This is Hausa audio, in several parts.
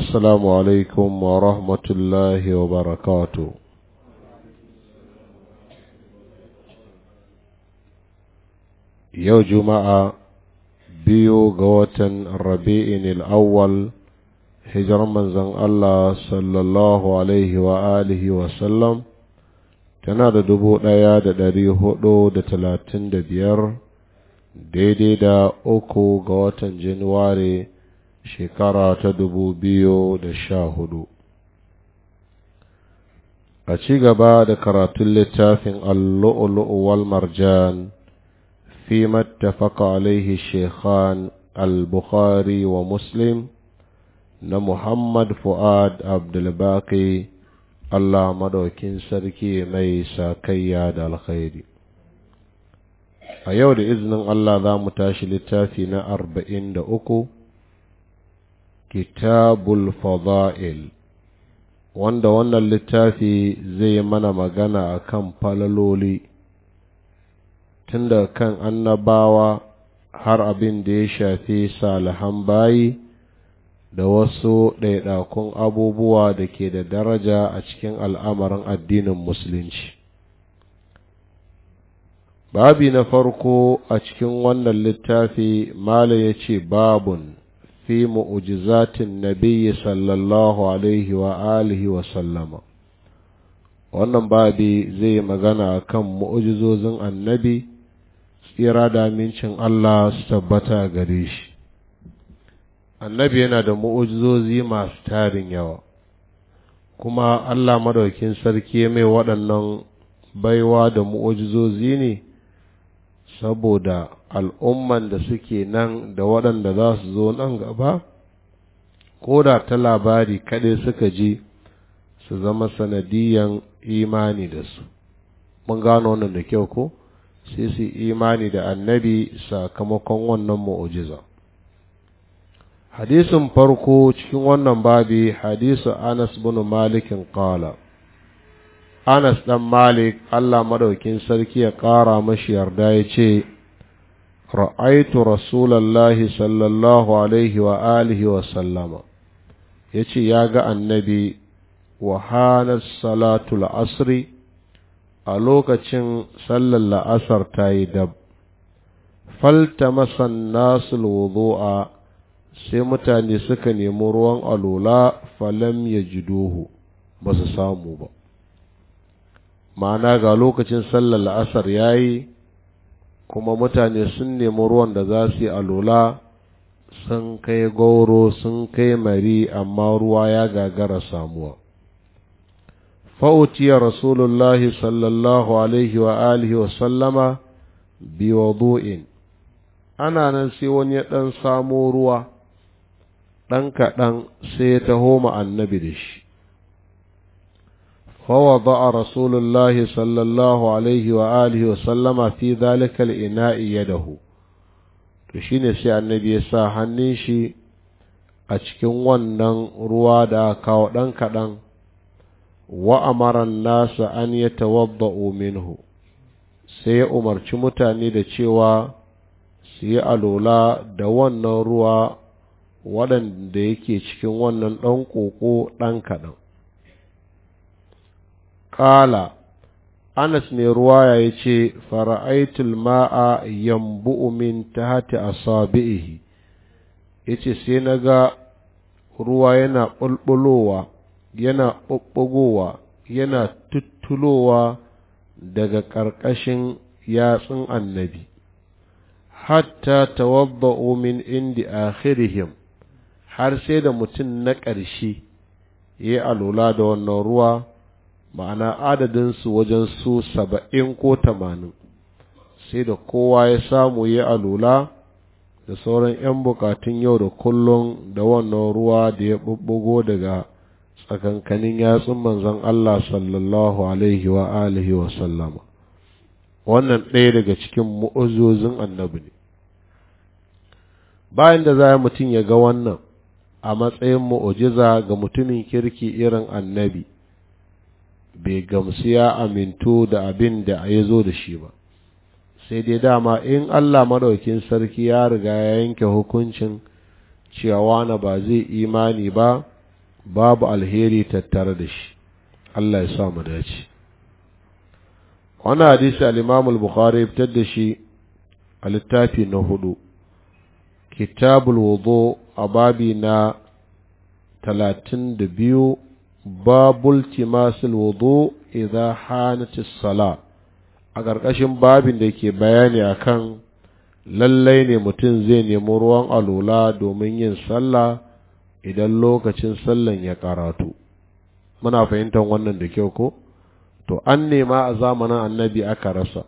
السلام عليكم ورحمة الله وبركاته يوم جمعة biyu ga watan rabi'in al'awwal hijirar manzon Allah sallallahu tana da dubu ɗaya da ɗari hudu da talatin da biyar daidai da uku ga watan januwari shekara ta dubu biyu da sha hudu a ci gaba da karatun littafin allu'ulu'u wal marjan fi mattafaka alaihi shekhan al-bukhari wa muslim na muhammad fu'ad abdulbaki allah madaukin sarki mai sakayya da alkhairi a yau da izinin allah za mu tashi littafi na arba'in da uku kitabul fada'il wanda wannan littafi zai mana magana a kan falaloli tun da kan annabawa har abin da ya shafi salihan bayi da wasu ɗaiɗakun abubuwa da ke da daraja a cikin al'amarin addinin musulunci babi na farko a cikin wannan littafi mala ya ce babun في معجزات النبي صلى الله عليه وآله وسلم wannan babi zai magana kan mu'ujizozin annabi tsira da amincin Allah su tabbata gare shi annabi yana da mu'ujizozi masu tarin yawa kuma Allah madaukin sarki mai waɗannan baiwa da mu'ujizozi ne saboda al'umman da suke nan da waɗanda za su zo nan gaba ko da ta labari kaɗai suka ji su zama sanadiyan imani da su mun gano wannan da kyau ko sai su imani da annabi sakamakon wannan mu'ujiza hadisin farko cikin wannan babi hadisu anas bin malikin qala anas ɗan malik allah madaukin sarki ya ƙara mashi yarda ya ce ra'aitu rasulallahi sallallahu alaihi wa alihi wa sallama ya ce ya ga annabi wa wahanar salatul asri a lokacin sallar la'asar ta yi dab Falta faltamasan nasul wudu'a sai mutane suka nemi ruwan alula falam ya ji duhu, ba su samu ba ma'ana ga lokacin sallar la'asar ya yi kuma mutane sun nemi ruwan da za su yi alola sun kai gauro sun kai mari amma ruwa ya gagara samuwa fa'utiyar rasulullahi sallallahu alaihi wa alihi wa sallama biwadu'in ana nan sai wani ya ɗan samo ruwa ɗan kaɗan sai ya taho annabi da shi فوضع رسول الله صلى الله عليه وآله وسلم في ذلك الإناء يده تشيني سي النبي ساحنين شي a cikin wannan ruwa da kawo ɗan kaɗan wa nasa an ya tawabba'u minhu sai ya umarci mutane da cewa su yi alola da wannan ruwa waɗanda yake cikin wannan ɗan ƙoƙo ɗan kaɗan Kala, Anas mai ruwaya ya ce, Fara'aitul ma'a yambu'u min tahati asabi'ihi ya ce, sai na ga ruwa yana ɓulɓulowa, yana ɓuɓɓugowa, yana tuttulowa daga ƙarƙashin yatsun annabi. hatta tawadda'u min indi akhirihim har sai da mutum na ƙarshe ya alula da wannan ruwa ma'ana adadinsu wajen su saba'in ko tamanin sai da kowa ya samu ya alula da sauran 'yan bukatun yau da kullum da wannan ruwa da ya bubbugo daga tsakankanin yatsun manzon Allah sallallahu alaihi wa alihi wa sallama wannan ɗaya daga cikin mu'uzozin annabi ne bayan da za mutum ya ga wannan a matsayin mu'ujiza ga mutumin kirki irin annabi bai gamsu ya aminto da abin da ya zo da shi ba sai dai dama in Allah maɗaukin sarki ya riga ya yanke hukuncin cewa na ba zai imani ba babu alheri tattare da shi Allah ya sa mu dace Wani hadisi al-Imam al-Bukhari fitar da shi a littafi na hudu kitabul wudu a babi na talatin da biyu babul timasil wudu idza hanatis sala a ƙarƙashin babin da ke bayani akan lallai ne mutum zai nemi ruwan alola domin yin sallah idan lokacin sallan ya karatu muna fahimtar wannan da kyau ko to an nema a zamanin annabi aka rasa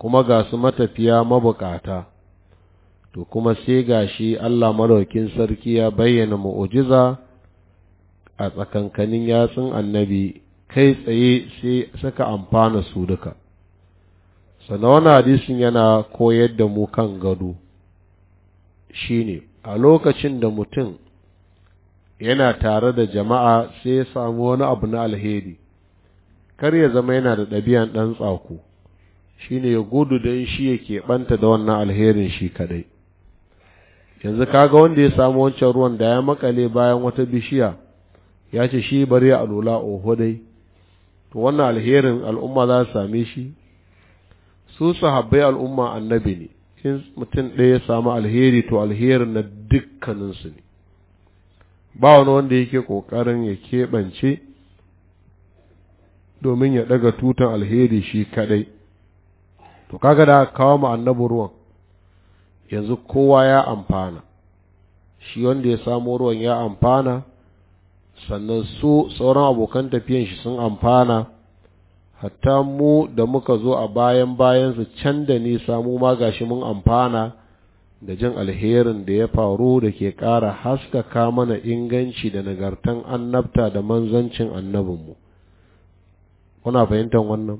kuma ga su matafiya mabukata to kuma sai gashi Allah madaukin sarki ya bayyana mu'ujiza a tsakankanin yatsun annabi kai tsaye sai suka amfana su duka sannan wani hadisin yana koyar da mu kan gado shine a lokacin da mutum yana tare da jama'a sai ya samu wani abu na alheri kar ya zama yana da ɗabi'an ɗan tsako shine ya gudu don shi ya keɓanta da wannan alherin shi kaɗai yanzu kaga wanda ya samu wancan ruwan da ya makale bayan wata bishiya ya ce shi bari a lola oho dai to wannan alherin al'umma za su same shi su sahabbai al'umma annabi ne in mutum ɗaya ya samu alheri to alherin na dukkaninsu ne ba wani wanda yake ƙoƙarin ya keɓance domin ya ɗaga tutan alheri shi kaɗai to kaga da kawo mu annabi ruwan yanzu kowa ya amfana shi wanda ya samu ruwan ya amfana sannan su sauran abokan tafiyan shi sun amfana hatta mu da muka zo a bayan bayansu can da nisa mu ma gashi mun amfana da jin alherin da ya faru da ke ƙara haskaka mana inganci da nagartan annabta da manzancin annabinmu kuna fahimtar wannan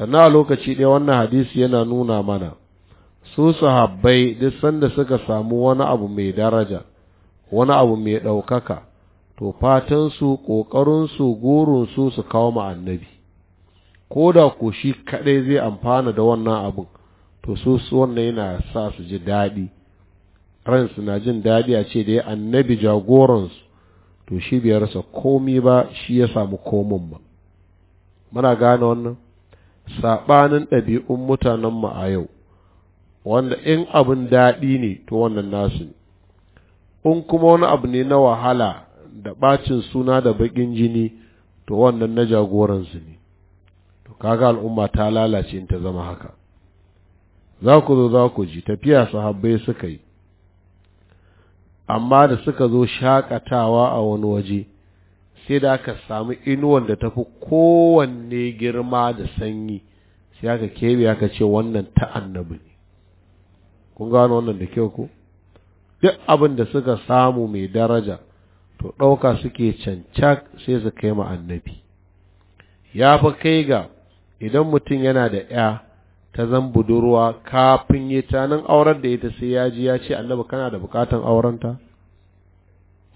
sannan lokaci ɗaya wannan hadisi yana nuna mana su sahabbai duk sanda suka samu wani abu mai daraja wani abu mai ɗaukaka to fatansu ƙoƙarinsu goronsu su kawo ma annabi ko da ko shi kaɗai zai amfana da wannan abin to su wannan yana sa su ji daɗi ransu na jin daɗi a ce da annabi jagoransu to shi bai rasa komi ba shi ya samu komin ba muna gane wannan saɓanin ɗabi'un mutanenmu a yau wanda in abin daɗi ne to wannan nasu ne in kuma wani abu ne na wahala da ɓacin suna da baƙin jini to wannan na jagoransu ne to kaga al'umma ta lalace in ta zama haka za ku zo za ku ji tafiya sahabbai suka yi amma da suka zo shakatawa a wani waje sai da aka samu inuwan da tafi kowanne girma da sanyi sai aka kebe aka ce wannan ta annabi ne kun gano wannan da kyau ko duk abin da suka samu mai daraja to ɗauka suke cancak sai su kai ma annabi ya fi kai ga idan mutum yana da ya ta zan budurwa kafin ya nan auren da ita sai ya ji ya ce annabi kana da bukatan aurenta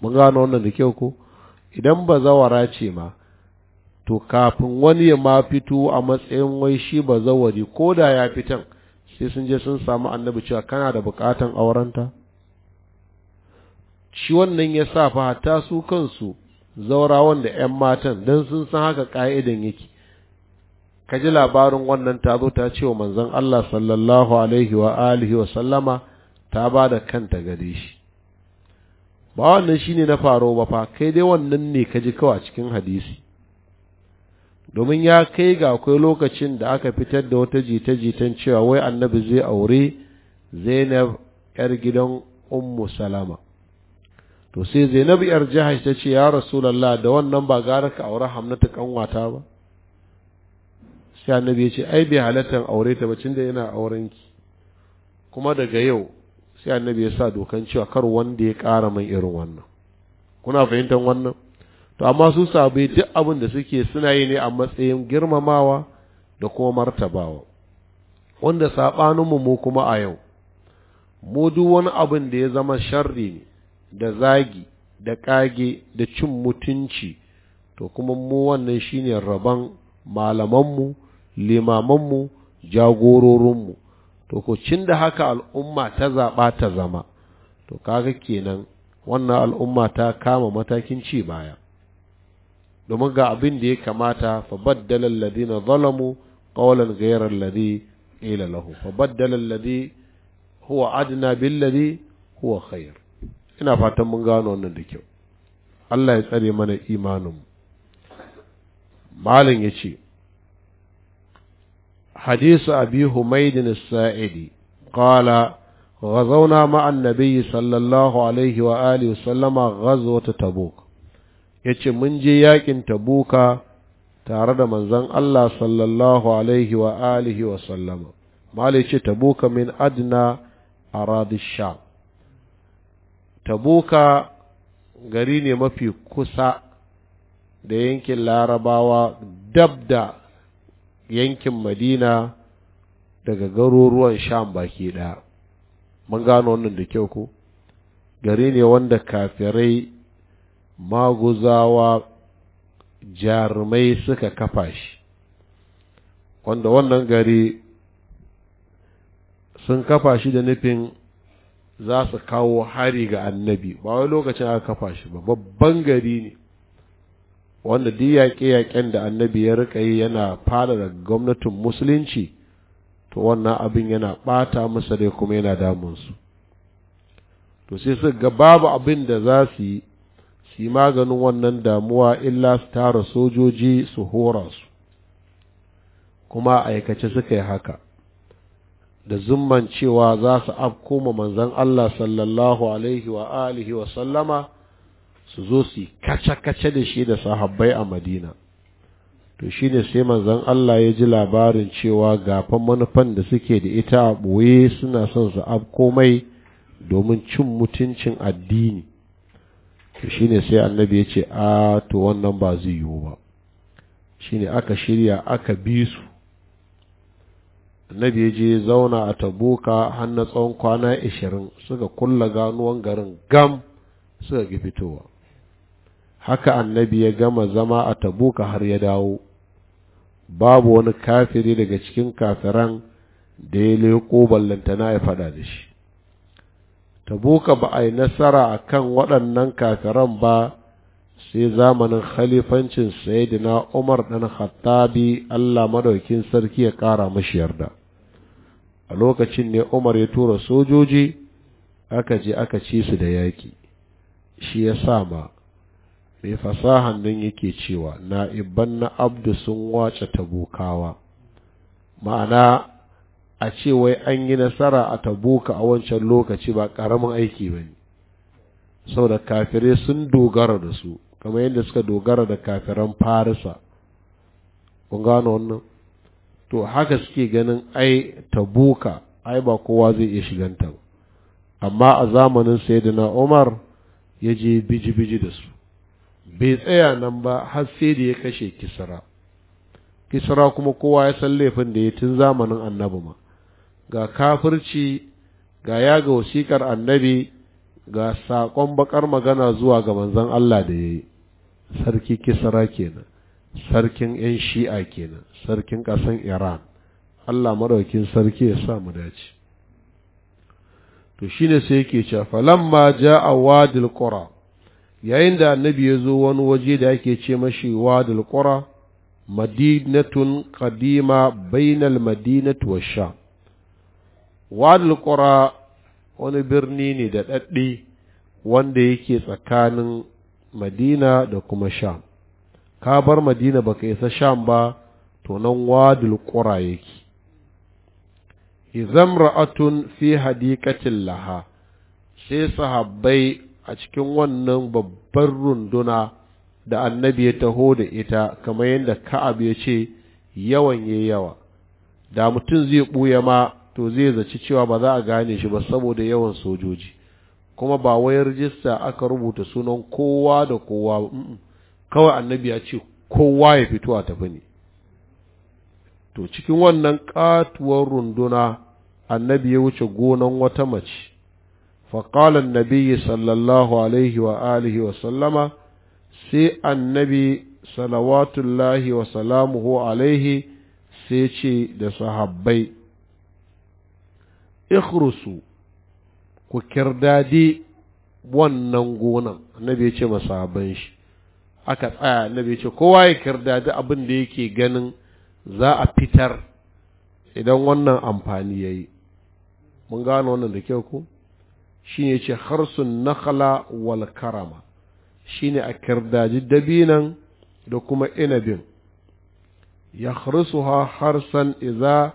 mun gano wannan da kyau ko idan ba zawara ce ma to kafin wani ya ma fito a matsayin wai shi ba zawari ko da ya fitan sai sun je sun samu annabi cewa kana da bukatan aurenta shi wannan ya sa fa ta su kansu zaurawan da ‘yan matan don sun san haka ƙa'idan yake ka ji labarin wannan ta zo ta ce wa manzon Allah sallallahu alaihi wa alihi wa sallama ta ba da kanta gare shi ba wannan shine na faro ba fa kai dai wannan ne ka ji a cikin hadisi domin ya kai ga akwai lokacin da aka fitar da wata jita-jitan cewa wai annabi zai aure zainab yar gidan ummu salama to sai zainab yar jahash ta ce ya rasulallah da wannan ba gara ka aure hamnata kanwata ba sai annabi ya ce ai bai halattar aure ta bacin da yana auren ki kuma daga yau sai annabi ya sa dokan cewa kar wanda ya kara man irin wannan kuna fahimtar wannan to amma su sabai duk abin da suke suna yi ne a matsayin girmamawa da kuma martabawa wanda saɓaninmu mu kuma a yau mu duk wani abin da ya zama sharri ne da zagi da ƙage da cin mutunci to kuma mu wannan shine rabon malamanmu limamanmu jagororinmu to ko cin da haka al'umma ta zaɓa ta zama to kaga kenan wannan al'umma ta kama matakin ci baya domin ga abin da ya kamata fa baddala alladhina zalamu qawlan ghayra alladhi qila lahu fa baddala alladhi huwa adna billadhi huwa khair ina fatan mun gano wannan da kyau Allah ya tsare mana imaninmu malin ya ce hadisu abi humaydin sa'idi qala غزونا مع النبي صلى الله عليه وآله وسلم غزوة تبوك yace mun je yakin tabuka tare da manzon Allah sallallahu alaihi wa alihi wa sallama malai ce tabuka min adna aradish sha. tabuka gari ne mafi kusa da yankin larabawa dab da yankin madina daga garuruwan sham baki ɗaya mun gano wannan da kyau ko gari ne wanda kafirai maguzawa jarumai suka kafa shi wanda wannan gari sun kafa shi da nufin za su kawo hari ga annabi ba wani lokacin aka kafa shi ba babban gari ne wanda duk yaƙe-yaƙen da annabi ya rika yi yana fara da gwamnatin musulunci to wannan abin yana ɓata masa dai kuma yana damunsu to sai su ga babu abin da za su yi su yi maganin wannan damuwa illa su tara sojoji su hora su kuma aikace suka yi haka da zumman cewa za su afko ma manzon Allah sallallahu alaihi wa alihi wa sallama su zo su kace-kace da shi da sahabbai a Madina to shine sai manzan Allah ya ji labarin cewa gafan manufan da suke da ita a ɓoye suna son su afko mai domin cin mutuncin addini to shine sai annabi ya ce a to wannan ba zai yiwu ba shine aka shirya aka bi su annabi ya je zauna a tabuka har na tsawon kwana ashirin suka kulla ganuwan garin gam suka ga fitowa haka annabi ya gama zama a tabuka har ya dawo babu wani kafiri daga cikin kafiran da ya leko ballantana ya faɗa da shi tabuka ba a yi nasara a kan waɗannan kafiran ba sai zamanin khalifancin sayidina Umar ɗan Khattabi Allah madaukin sarki ya ƙara mashi yarda a lokacin ne Umar ya tura sojoji aka je aka ci su da yaƙi shi ya sa ma mai fasahan nan yake cewa na'ibban na abdu sun wace tabukawa ma'ana a ce wai an yi nasara a tabuka a wancan lokaci ba ƙaramin aiki ba ne saboda kafirai sun dogara da su kamar yadda suka dogara da kafiran farisa kun gano wannan to haka suke ganin ai tabuka ai ba kowa zai iya shiganta ba amma a zamanin sayyidina umar ya je biji-biji da su bai tsaya nan ba har sai da ya kashe kisra kisra kuma kowa ya san laifin da ya tun zamanin annabi ma ga kafirci ga ya ga wasikar annabi ga saƙon baƙar magana zuwa ga manzon Allah da ya yi sarki kisra kenan sarkin 'yan shi'a kenan sarkin ƙasan iran allah maraukin sarki ya sa mu dace to shine sai yake cewa falamma ja'a wadil qura yayin da annabi ya zo wani waje da yake ce mashi wadil qura madinatun Kadima, bainal madinat wa sha wadil wani birni ne da daddi wanda yake tsakanin madina da kuma sham ka bar madina baka isa sham ba to nan wadul qura yake izam ra'atun fi hadikatin laha sai sahabbai a cikin wannan babbar runduna da annabi ya taho da ita kamar yadda ka'ab ya ce yawan ya yawa da mutum zai ɓuya ma to zai zaci cewa ba za a gane shi ba saboda yawan sojoji kuma ba wai rijista aka rubuta sunan kowa da kowa kawai annabi ya ce kowa ya fito a tafi ne to cikin wannan katuwar runduna annabi ya wuce gonan wata mace faƙalar annabi sallallahu alaihi wa alihi wa sallama sai annabi salawatullahi wa salamuhu alaihi sai ce da sahabbai ikhrusu ku kirdadi wannan gonan annabi ya ce masahaban shi aka tsaya annabi ya ce kowa ya kirdadi abin da yake ganin za a fitar idan wannan amfani ya yi mun gano wannan da kyau ko shi ne ce harsun nakala wal karama shi ne a kirdaji dabinan da kuma inabin ya harsuha harsan iza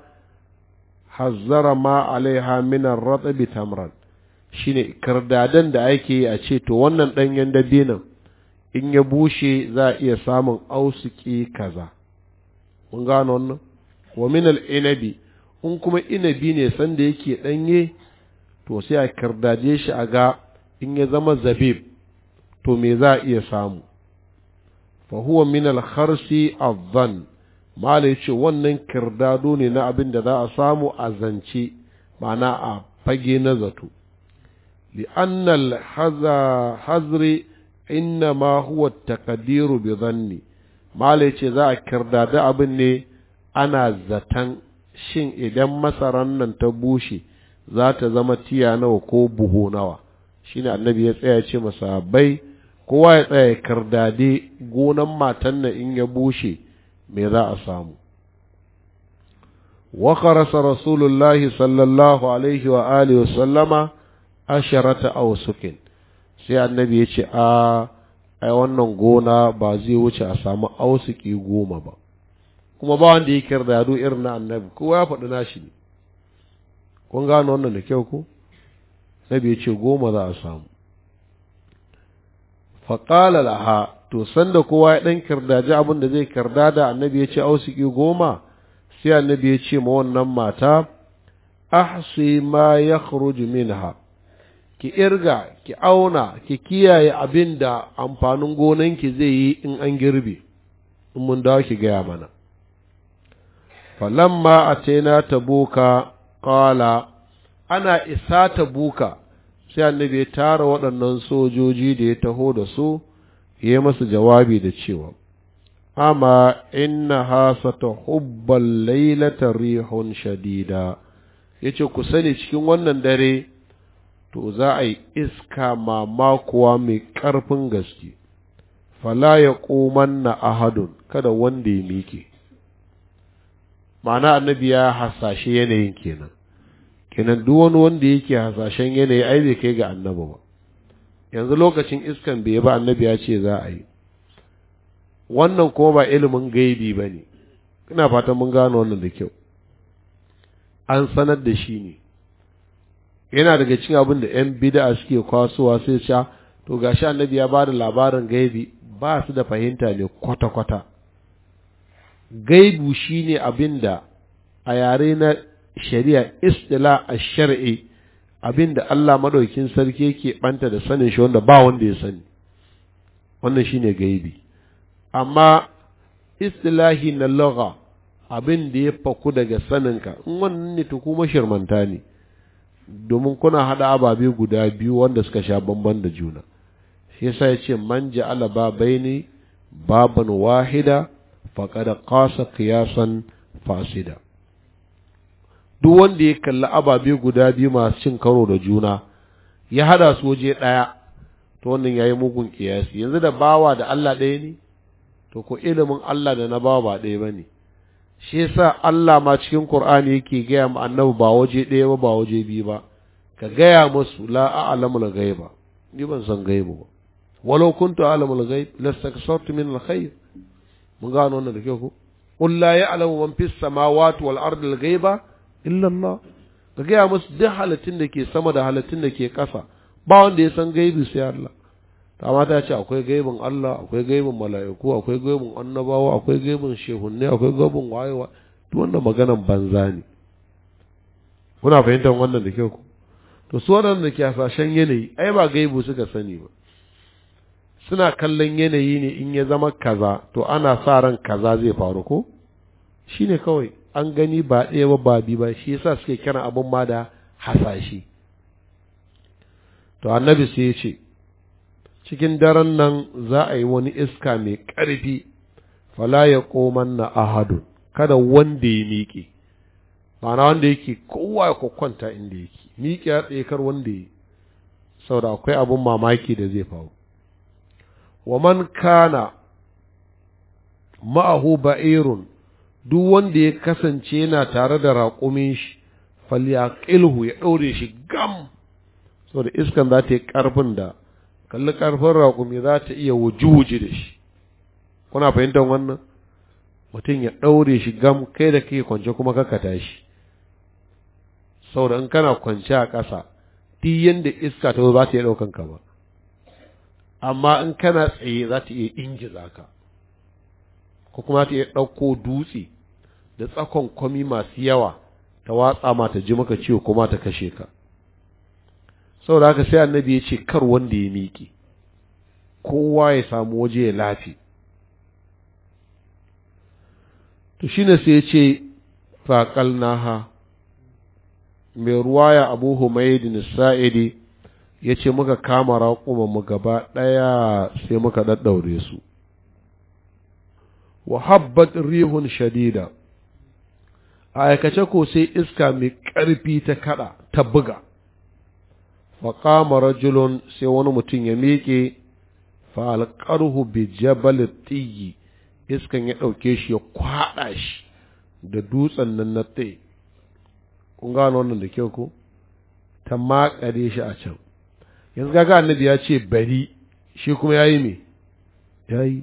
hazzara ma alaiha minan ratsa bitamran shine kardadan da ake yi a ce to wannan ɗanyen dabinan in ya bushe za a iya samun ausuki kaza mun gano wannan wa min inabi in kuma inabi ne sanda yake ɗanye to sai a kardaje shi a ga in ya zama zabib to me za a iya samu fa huwa min al-kharsi adh-dhann mala yace wannan kirdado ne na abin da za a samu a zance ma'ana a fage na zato لأن الحذر ta Kadiru التقدير بظني ما ليش ذا كردا دا أبني أنا زتن شين إذا مسرن تبوشي ذات زمتي أنا وكوبه نوا شين النبي يسأل شيء shine Annabi ya ya tsaya kardade gonan matan nan in ya bushe me za a samu wa kharasa rasulullahi sallallahu alaihi wa alihi wa sallama asharata ausukin sai annabi ya ce a ai wannan gona ba zai wuce a samu ausuki goma ba kuma ba wanda ya kirdado irin na annabi kowa ya faɗi nashi ne kun gano wannan da kyau ko annabi ya ce goma za a samu faƙala laha to sanda kowa ya ɗan kirdaji abin da zai da annabi ya ce ausuki goma sai annabi ya ce ma wannan mata ahsi ma ya minha ki irga ki auna ki kiyaye abin da amfanin gonanki zai yi in an girbe in mun dawo ki gaya mana falamma a taina ta boka ana isa ta buka sai annabi ya tara waɗannan sojoji da ya taho da su ya masu jawabi da cewa amma inna hasa ta hubbal lailata rihun shadida ya ce ku sani cikin wannan dare to za a yi iska mamakuwa mai ƙarfin gaske fala ya koman na ahadun kada wanda ya miƙe ma'ana annabi ya hasashe yanayin kenan kenan duk wani wanda yake hasashen yanayi ai bai kai ga annabi ba yanzu lokacin iskan bai ba annabi ya ce za a yi wannan kuma ba ilimin gaibi ba ne ina fatan mun gano wannan da kyau an sanar da shi ne yana daga cikin abin da yan bid'a suke kwasowa sai sha to ga gashi annabi ya ba da labarin gaibi ba su da fahimta ne kwata kwata gaibu shine abin da a yare na shari'a istila a shari'a, abin da Allah madaukin sarki yake banta da sanin shi wanda ba wanda ya sani wannan shine gaibi amma istilahi na lugha abin da ya faku daga saninka in wannan ne to kuma shirmanta ne domin kuna hada ababe guda biyu wanda suka sha bamban da juna shi yasa ya ce man ja'ala ne baban wahida faqad ƙasa qiyasan fasida duk wanda ya kalli ababe guda biyu masu cin karo da juna ya hada su waje ɗaya to wannan yayi mugun kiyasi yanzu da bawa da Allah ɗaya ne to ko ilimin Allah da na bawa ba ɗaya ba ne. shi yasa Allah ma cikin Qur'ani yake gaya mu annabi ba waje ɗaya ba ba waje biyu ba ka gaya musu la a'lamu al-ghaiba ni ban san gaibu ba walau kuntu a'lamu al-ghaib lastaksartu min al-khair mun gano wannan da kyau ko qul la ya'lamu man fis samawati wal ardi al-ghaiba illa Allah ka gaya musu duk halittun da ke sama da halittun da ke ƙasa ba wanda ya san gaibi sai Allah ma ta ce akwai gaibin Allah akwai gaibin mala'iku akwai gaibin annabawa akwai gaibin shehunne akwai gaibin wayewa duk wannan maganan banza ne kuna fahimtar wannan da kyau ku to su waɗanda ke hasashen yanayi ai ba gaibu suka sani ba suna kallon yanayi ne in ya zama kaza to ana sa ran kaza zai faru ko shine kawai an gani ba ɗaya ba ba bi ba shi yasa suke kira abin ma da hasashe to annabi sai ya ce cikin daren nan za a yi wani iska mai ƙarfi fala ya koman na ahadun kada wanda ya miƙe ma'ana wanda yake kowa ya kwakwanta inda yake miƙe ya kar wanda ya saboda akwai abin mamaki da zai faru wa man kana ma'ahu ba'irun duk wanda ya kasance yana tare da raƙumin shi ƙilhu ya ɗaure shi gam saboda iskan za ta yi ƙarfin da kalli karfin raƙumi za ta iya wuji da shi kuna fahimtar wannan mutum ya ɗaure shi gam kai da kai kwance kuma ka tashi saboda in kana kwance a ƙasa duk yadda iska ta za ta iya ɗaukan ka ba amma in kana tsaye za ta iya za ka ko kuma ta iya ɗauko dutse da tsakon kwami masu yawa ta watsa ma ta ji maka ciwo kuma ta kashe ka saboda haka sai annabi ya ce kar wanda ya miƙe kowa ya samu waje ya lafi to ne sai ya ce ha mai ruwaya abu humaydin sa'idi ya ce muka kama raƙuma mu gaba ɗaya sai muka ɗaɗɗaure su wa rihun shadida a aikace ko sai iska mai ƙarfi ta kaɗa ta buga faƙama rajulun sai wani mutum ya miƙe fa'alƙarhu bi jabal tiyi iskan ya ɗauke shi ya kwaɗa shi da dutsen nan na tsaye kun gano wannan da kyau ko ta makare shi a can yanzu kaga annabi ya ce bari shi kuma yayi me yayi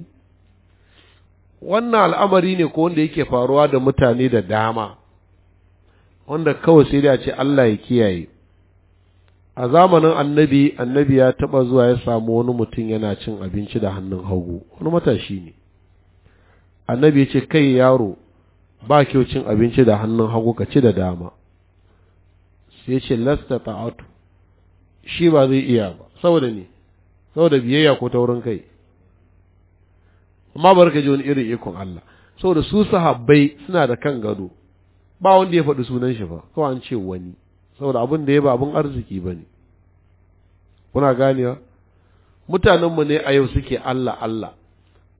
wannan al'amari ne ko wanda yake faruwa da mutane da dama wanda kawai sai da ce Allah ya kiyaye a zamanin annabi annabi ya taɓa zuwa ya samu wani mutum yana cin abinci da hannun hagu wani matashi ne annabi ya ce kai yaro ba kyau cin abinci da hannun hagu ka ci da dama sai ce lasta ta'atu shi ba zai iya ba saboda ne saboda biyayya ko taurin kai amma barka ji wani irin ikon Allah saboda su sahabbai suna da kan gado ba wanda ya faɗi sunan shi ba kawai an ce wani saboda abin da ya ba abin arziki ba ne kuna ganewa mutanenmu ne a yau suke Allah Allah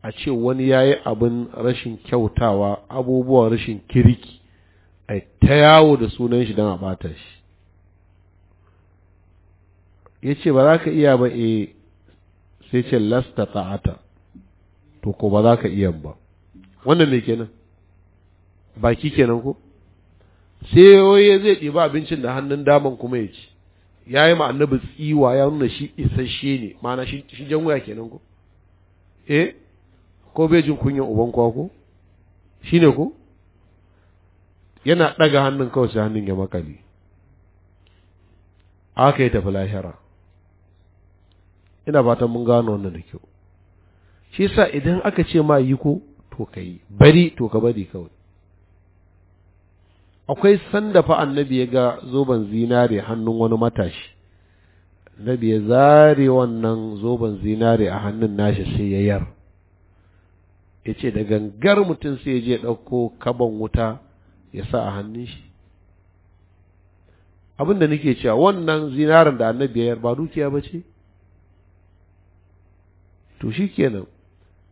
a ce wani ya yi abin rashin kyautawa abubuwan rashin kiriki a ta yawo da sunan shi don a bata shi ya ce ba za ka iya ba e sai ce lasta ta'ata to ko ba za ka iya ba wannan me kenan baki kenan ko sai yoye zai ɗiba abincin da hannun daman kuma ya ci ya yi annabi tsiwa ya nuna shi isasshe ne mana shi jan wuya kenan ko eh ko bai jin kunyan uban kwako shi ne ko yana ɗaga hannun kawai sai hannun ya makale aka yi tafi lahira ina fatan mun gano wannan da kyau shi sa idan aka ce ma yi ko to ka yi bari to ka bari kawai akwai sanda fa annabi ya ga zoben zinare hannun wani matashi annabi ya zare wannan zoben zinare a hannun nashi sai ya yar ya ce da gangar mutum sai ya je ɗauko kaban wuta ya sa a hannun shi abin da nake cewa wannan zinarin da annabi ya yar ba dukiya ba ce to shi kenan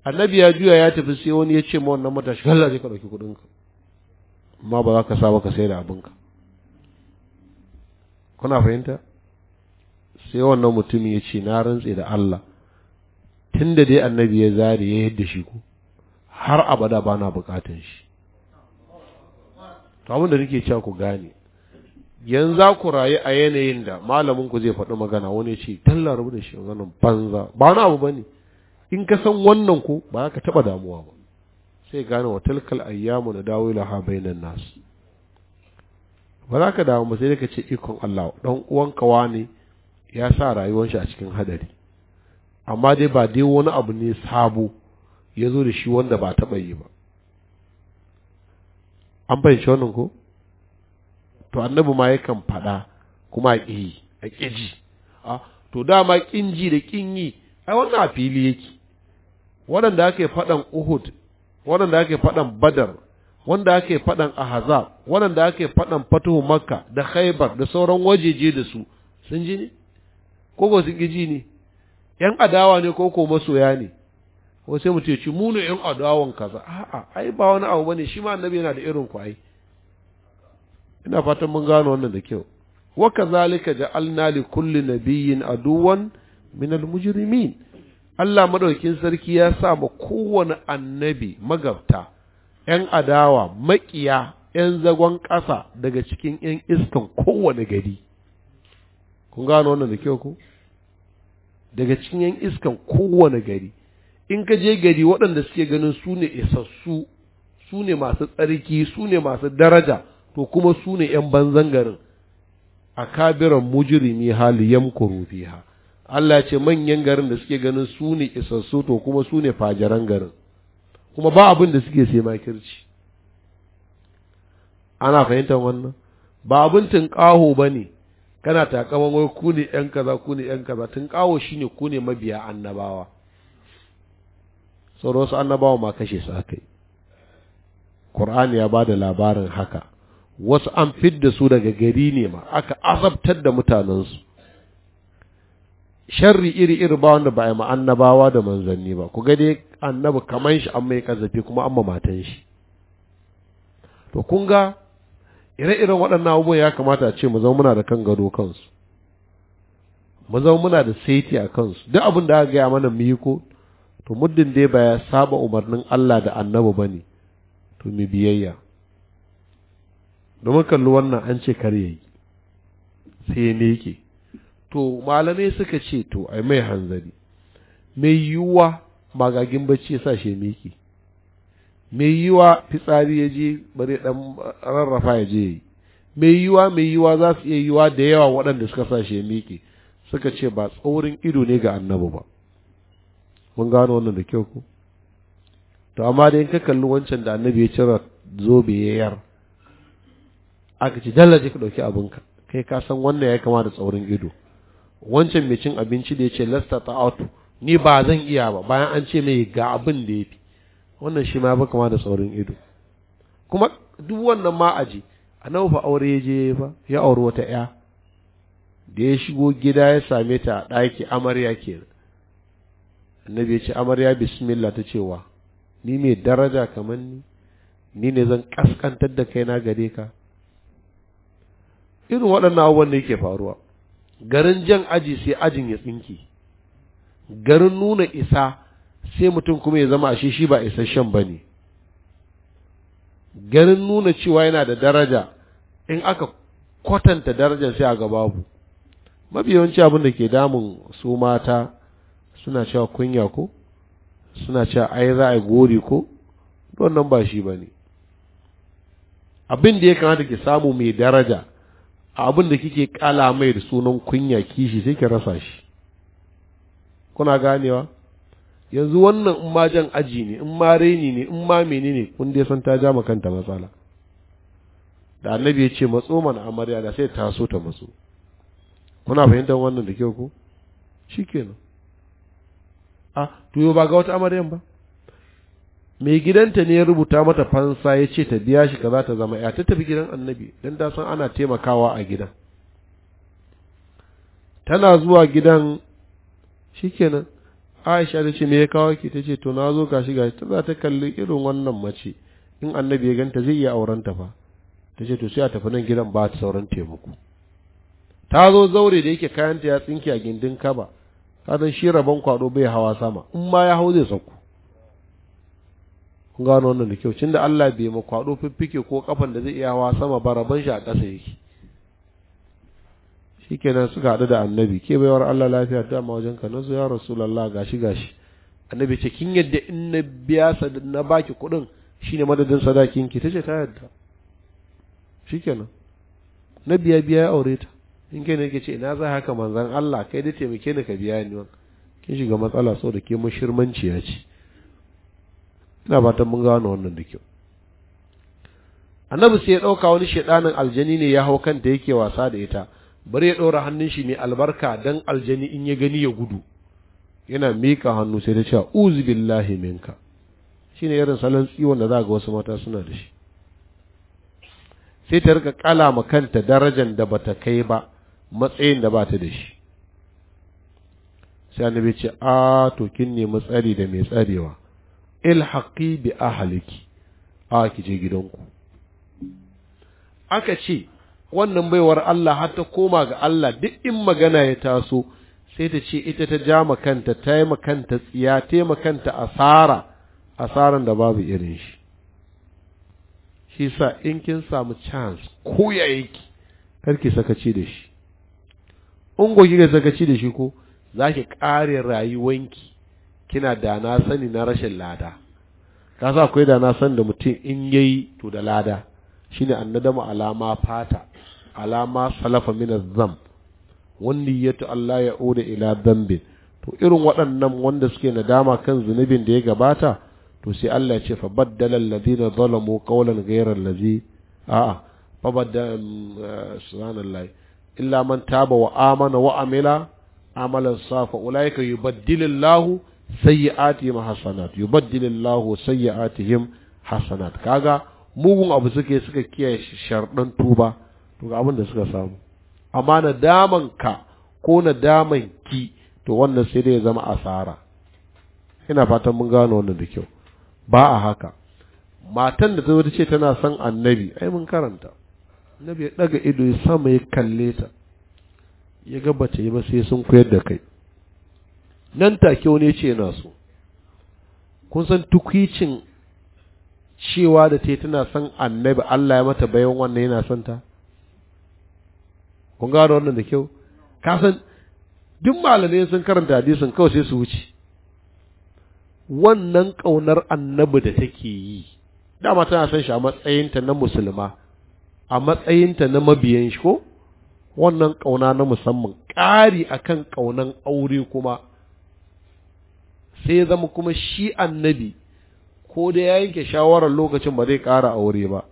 annabi ya juya ya tafi sai wani ya ce ma wannan matashi kallaje zai ka ɗauki kuɗinka amma ba za ka sa ka sai da abinka kuna fahimta sai wannan mutumin ya ce na rantse da Allah tun da dai annabi ya zare ya yadda shi ku har abada ba na bukatan shi to abin da nake cewa ku gane yanzu ku rayu a yanayin da malamin ku zai faɗi magana wani ce talla rabu da shi maganan banza ba na abu bane in ka san wannan ku ba ka taɓa damuwa ba sai gane wa tilkal ayyamu na dawo ila bainan nas ba za ka dawo ba sai ka ce ikon Allah dan uwanka wani ya sa rayuwar shi a cikin hadari amma dai ba dai wani abu ne sabo ya zo da shi wanda ba taɓa yi ba an fahimci wannan ko to annabi ma yakan faɗa kuma a ƙi a ƙiji a to dama ƙin ji da ƙin yi ai wannan a fili yake waɗanda aka yi faɗan uhud waɗanda ake faɗan badar wanda ake faɗan ahazab waɗanda ake faɗan fatuhu makka da khaibar da sauran wajeje da su sun ji ne ko ba su ji ne yan adawa ne ko ko masoya ne ko sai mu ci mu ne yan adawan kaza a'a ai ba wani abu bane shi ma annabi yana da irin ku ai ina fatan mun gano wannan da kyau wa kazalika ja'alna li kulli nabiyyin aduwan min al-mujrimin Allah madaukin sarki ya sa ma kowane annabi magabta ‘yan adawa maƙiya ‘yan zagon ƙasa daga cikin ‘yan iskan kowane gari kun gano wannan da kyau ku daga cikin ‘yan iskan kowane gari in ka je gari waɗanda suke ganin su ne isassu su ne masu tsarki su ne masu daraja to kuma su ne ‘yan banzan garin a kabiran mujirimi hali yamkuru fiha Allah ce manyan garin da suke ganin su ne isassu to kuma su ne fajaran garin kuma ba abin da suke sai makirci ana fahimtar wannan ba abin kaho ba ne kana takaman wai ku ne ‘yan kaza ku ne ‘yan kaza kaho shi ne ku ne mabiya annabawa sauran wasu annabawa ma kashe su aka yi ƙur'ani ya ba da labarin haka wasu an fidda su daga gari ne ma aka azabtar da mutanensu sharri iri iri ba wanda ba a yi annabawa da manzanni ba ku dai annabi kaman shi an mai kazafi kuma an mamatan shi to kun ga ire-iren waɗannan abubuwan ya kamata a ce mu zama muna da kan gado kansu mu zama muna da saiti a kansu duk abin da aka gaya mana mu yi ko to muddin dai ba ya saba umarnin Allah da annabi ba ne to mu biyayya domin kalli wannan an ce kar yayi sai ya neke to malamai suka ce to ai mai hanzari mai yiwuwa magagin bacci ya sa shi miki mai yiwuwa fitsari ya je bare dan rarrafa ya je mai yiwuwa mai yiwuwa za su iya yiwuwa da yawa waɗanda suka sa shi miki suka ce ba tsaurin ido ne ga annabi ba mun gano wannan da kyau ko to amma da in ka kalli wancan da annabi ya cira zobe ya yar aka ce dallaje ka ɗauki abinka kai ka san wannan ya kama da tsaurin ido wancan mai cin abinci da ya ce lasta ta'atu ni ba zan iya ba bayan an ce mai ga abin da ya fi wannan shi ma kama da saurin ido kuma duk wannan ma ji a fa aure ya je fa ya auri wata ya da ya shigo gida ya same ta a ɗaki amarya ke annabi ya ce amarya bismillah ta cewa ni mai daraja kamar ni ni ne zan kaskantar da kaina gare ka irin waɗannan abubuwan da yake faruwa garin jan aji sai ajin ya tsinki garin nuna isa sai mutum kuma ya zama a shi ba isasshen ba ne garin nuna cewa yana da daraja in aka kwatanta darajar sai a ga babu mabiyawanci abin da ke damun su mata suna cewa kunya ko suna cewa ai za a gori ko wannan ba shi ba ne abin da ya kamata ki samu mai daraja abin da kike kala mai da sunan kunya kishi sai ki rasa shi kuna ganewa yanzu wannan in ma jan aji ne in ma reni ne in ma menene kun dai san ta ja ma kanta matsala da annabi ya ce matso mana amarya da sai ta so ta matso kuna fahimtar wannan da kyau ko shikenan a ah, to ba ga wata amaryan ba mai gidanta ne ya rubuta mata fansa ya ce ta biya shi kaza ta zama ya ta tafi gidan annabi don ta san ana taimakawa a gidan tana zuwa gidan shikenan aisha ta ce me ya kawo ki ta ce to na zo gashi gashi ta za ta kalli irin wannan mace in annabi ya ganta zai iya auren ta fa ta ce to sai a tafi nan gidan ba ta sauran taimako ta zo zaure da yake kayanta ya tsinke a gindin kaba kadan shi rabon kwado bai hawa sama in ma ya hau zai sauko kun gano wannan da kyau cin da Allah bai ma kwado fiffike ko kafan da zai iya hawa sama ba rabon shi a ƙasa yake shikenan suka haɗu da annabi ke baiwar Allah lafiya ta ma wajen na zo ya rasulullah gashi gashi annabi ce kin yadda in na biya na baki kuɗin shine madadin sadakin ki tace ta yadda shikenan na biya biya ya aure ta in kai ne yake ce ina za haka manzan Allah kai da taimake ni ka biya ni kin shiga matsala saboda ke ya ce ina ba ta mun gano wannan da kyau annabi sai ya ɗauka wani shaidanin aljani ne ya hau kanta yake wasa da ita bari ya ɗora hannun shi mai albarka dan aljani in ya gani ya gudu yana mika hannu sai ta ce uzu billahi minka ne irin salon tsiwon da za ga wasu mata suna da shi sai ta rika kala ma kanta darajan da bata kai ba matsayin da bata da shi sai annabi ce a to kin nemi tsari da mai tsarewa ilhaƙi bi ahliki a ki gidanku aka ce wannan baiwar Allah har ta koma ga Allah duk in magana ya taso sai ta ce ita ta ja kanta ta yi kanta tsiya ta yi kanta asara asaran da babu irin shi shi sa in kin samu chance ko ya ki karki sakaci da shi in gogi ga sakaci da shi ko za ki ƙare rayuwanki kina da na sani na rashin lada ka sa akwai da na sani da mutum in yayi to da lada shine nadama alama fata alama salafa min azzam wani ta Allah ya ode ila dambi to irin waɗannan wanda suke nadama kan zunubin da ya gabata to sai Allah ya ce fa baddala alladhina zalamu qawlan ghayra allazi a'a fa baddala mm, eh, subhanallahi illa man taba wa amana wa amila amalan safa ulaika yubaddilillahu sayyi'atihim hasanat yubaddilillahu sayyi'atihim hasanat kaga mugun abu suke suka kiyaye sharɗan tuba to ga abin da suka samu amma na daman ka ko na daman ki to wannan sai dai ya zama asara ina fatan mun gano wannan da kyau ba a haka matan da ta ce tana son annabi ai mun karanta annabi ya ɗaga ido ya sama ya kalle ta ya ga bace ba sai sun koyar da kai nan take wani ce yana so kun san tukwicin cewa da ta tana son annabi Allah ya mata bayan wannan yana son ta kun gano wannan da kyau ka san duk malamai sun karanta hadisin kawai sai su wuce wannan ƙaunar annabi da take yi dama tana son shi a matsayinta na musulma a matsayinta na mabiyan shi ko wannan kauna na musamman ƙari akan kaunan aure kuma sai ya zama kuma shi annabi ko da ya yanke shawarar lokacin ba zai ƙara aure ba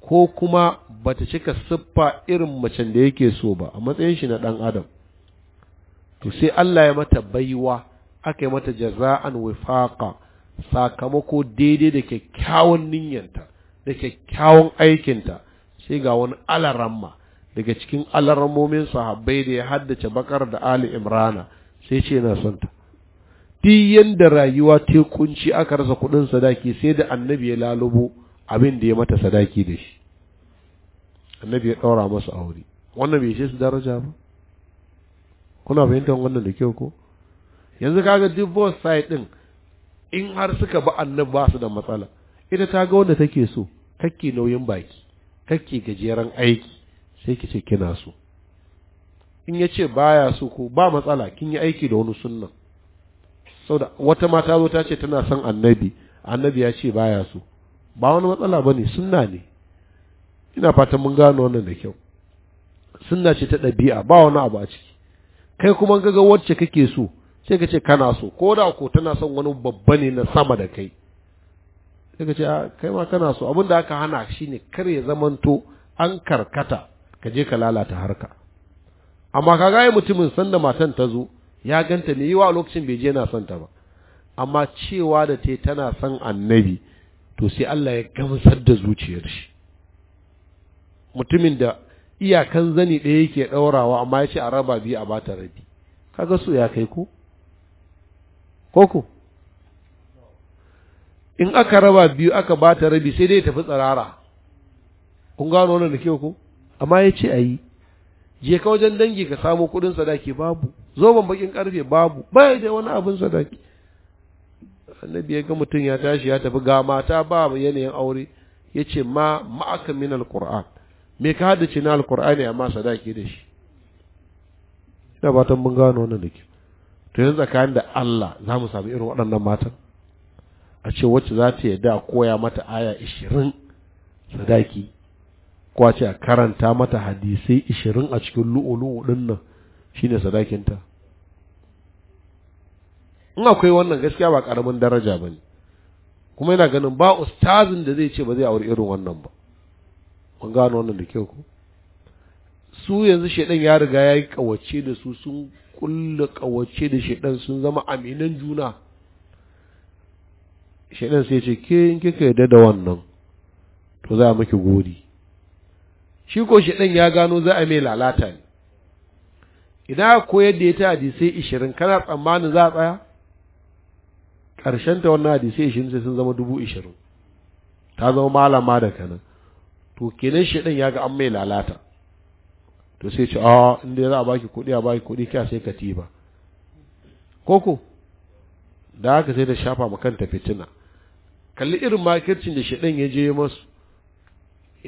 ko kuma ba ta cika siffa irin macen da yake so ba a matsayin shi na ɗan adam to sai Allah ya mata baiwa aka yi mata jaza'an wifaqa sakamako daidai da kyakkyawan niyyanta da kyakkyawan aikinta sai ga wani alaramma daga cikin alaramomin sahabbai da ya haddace bakar da Ali Imrana sai ce na son duk yanda rayuwa ta kunci aka rasa kuɗin sadaki sai da annabi ya lalubo abin da ya mata sadaki da shi annabi ya ɗaura masa aure wannan bai ce su daraja ba kuna fahimtar wannan da kyau ko yanzu kaga divorce side din in har suka ba annabi ba su da matsala ita ta ga wanda take so kakki nauyin baki kakki gajeren aiki sai ki ce kina so in ya ce baya so ko ba matsala kin yi aiki da wani sunnan Sau da wata mata zo ta ce tana son annabi annabi ya ce baya so ba wani matsala bane sunna ne ina fatan mun gano wannan da kyau sunna ce ta ɗabi'a ba wani abu a ciki kai kuma gaga wacce kake so sai ka ce kana so ko da ko tana son wani babba ne na sama da kai sai ka ce a ah, kai ma kana so abin da aka hana shi ne kar ya zamanto an karkata ka je ka lalata harka amma ka gaya mutumin sanda matan ta zo ya ganta mai yiwa a lokacin bai je na son ta ba amma cewa da te tana son annabi to sai Allah ya gamsar da zuciyar shi mutumin da iyakan zani ɗaya yake ɗaurawa amma ya ce a raba biyu a bata rabi kaga su ya kai ku ko in aka raba biyu aka bata rabi sai dai tafi tsirara kun gano wannan da kyau ko amma ya ce a yi je ka wajen dangi ka samo kuɗin sadaki babu zoben bakin karfe babu bai da wani abin sadaki annabi ya ga mutum ya tashi ya tafi ga mata ba yanayin aure ya ce ma ma'aka min alkur'an me ka hada ci na alkur'ani amma sadaki da shi ina ba mun gano wannan ke. to yanzu tsakanin da Allah za mu samu irin waɗannan matan a ce wacce za ta yarda koya mata aya ishirin sadaki kwace a karanta mata hadisai ishirin a cikin lu'ulu'u ɗin nan ne sadakinta in akwai wannan gaskiya ba karamin daraja ba ne kuma yana ganin ba ustazin da zai ce ba zai auri irin wannan ba kun gano wannan da kyau ku su yanzu shaidan ya riga ya yi kawace da su sun kulle kawace da shaidan sun zama aminan juna shaidan sai ce ke in kika yarda da wannan to za a miki gori shi ko shedan ya gano za a mai lalata ne idan aka koyar da ita hadisai ishirin kana tsammanin za a tsaya ƙarshen ta wannan hadisai ishirin sai sun zama dubu ishirin ta zama malama da kanan to kenan shedan ya ga an mai lalata to sai ce a ah, inda za a baki kuɗi a baki kuɗi kya sai katiba koko da haka sai da shafa ma kanta fitina kalli irin makircin da shi ɗin ya je masu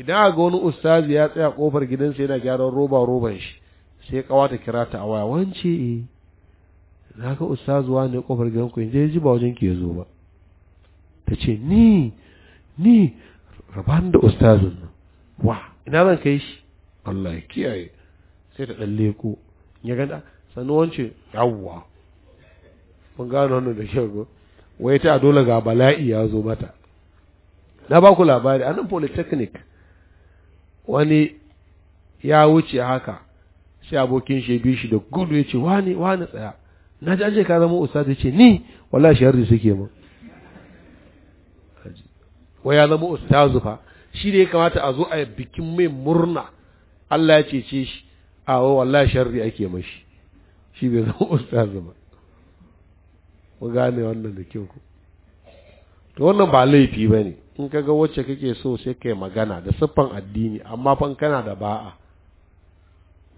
idan ga wani ustazi ya tsaya kofar gidansa yana gyaran roba roban shi sai kawa ta kira ta a waya wance e na ga wa ne kofar gidanku yanzu ji ba wajen ki yazo zo ba ta ce ni ni raban da ustazin nan wa ina zan kai shi Allah ya kiyaye sai ta dalle leko ya ga ah, sanu wance yawwa mun gano wannan da shago wai ta dole ga bala'i ya zo mata na ba ku labari a nan polytechnic wani ya wuce haka sai abokin shi bi shi da gudu ya ce wani wani tsaya na ji an ka zama ustaz ya ce ni wallahi sharri suke ma wa ya zama ustazu fa shi ne ya kamata a zo a bikin mai murna Allah ya cece shi a wallahi sharri ake mashi shi bai zama ustazu ba mu gane wannan da kyau to wannan ba laifi ba ne in ka ga wacce kake so sai kai magana da siffan addini amma fa kana da ba'a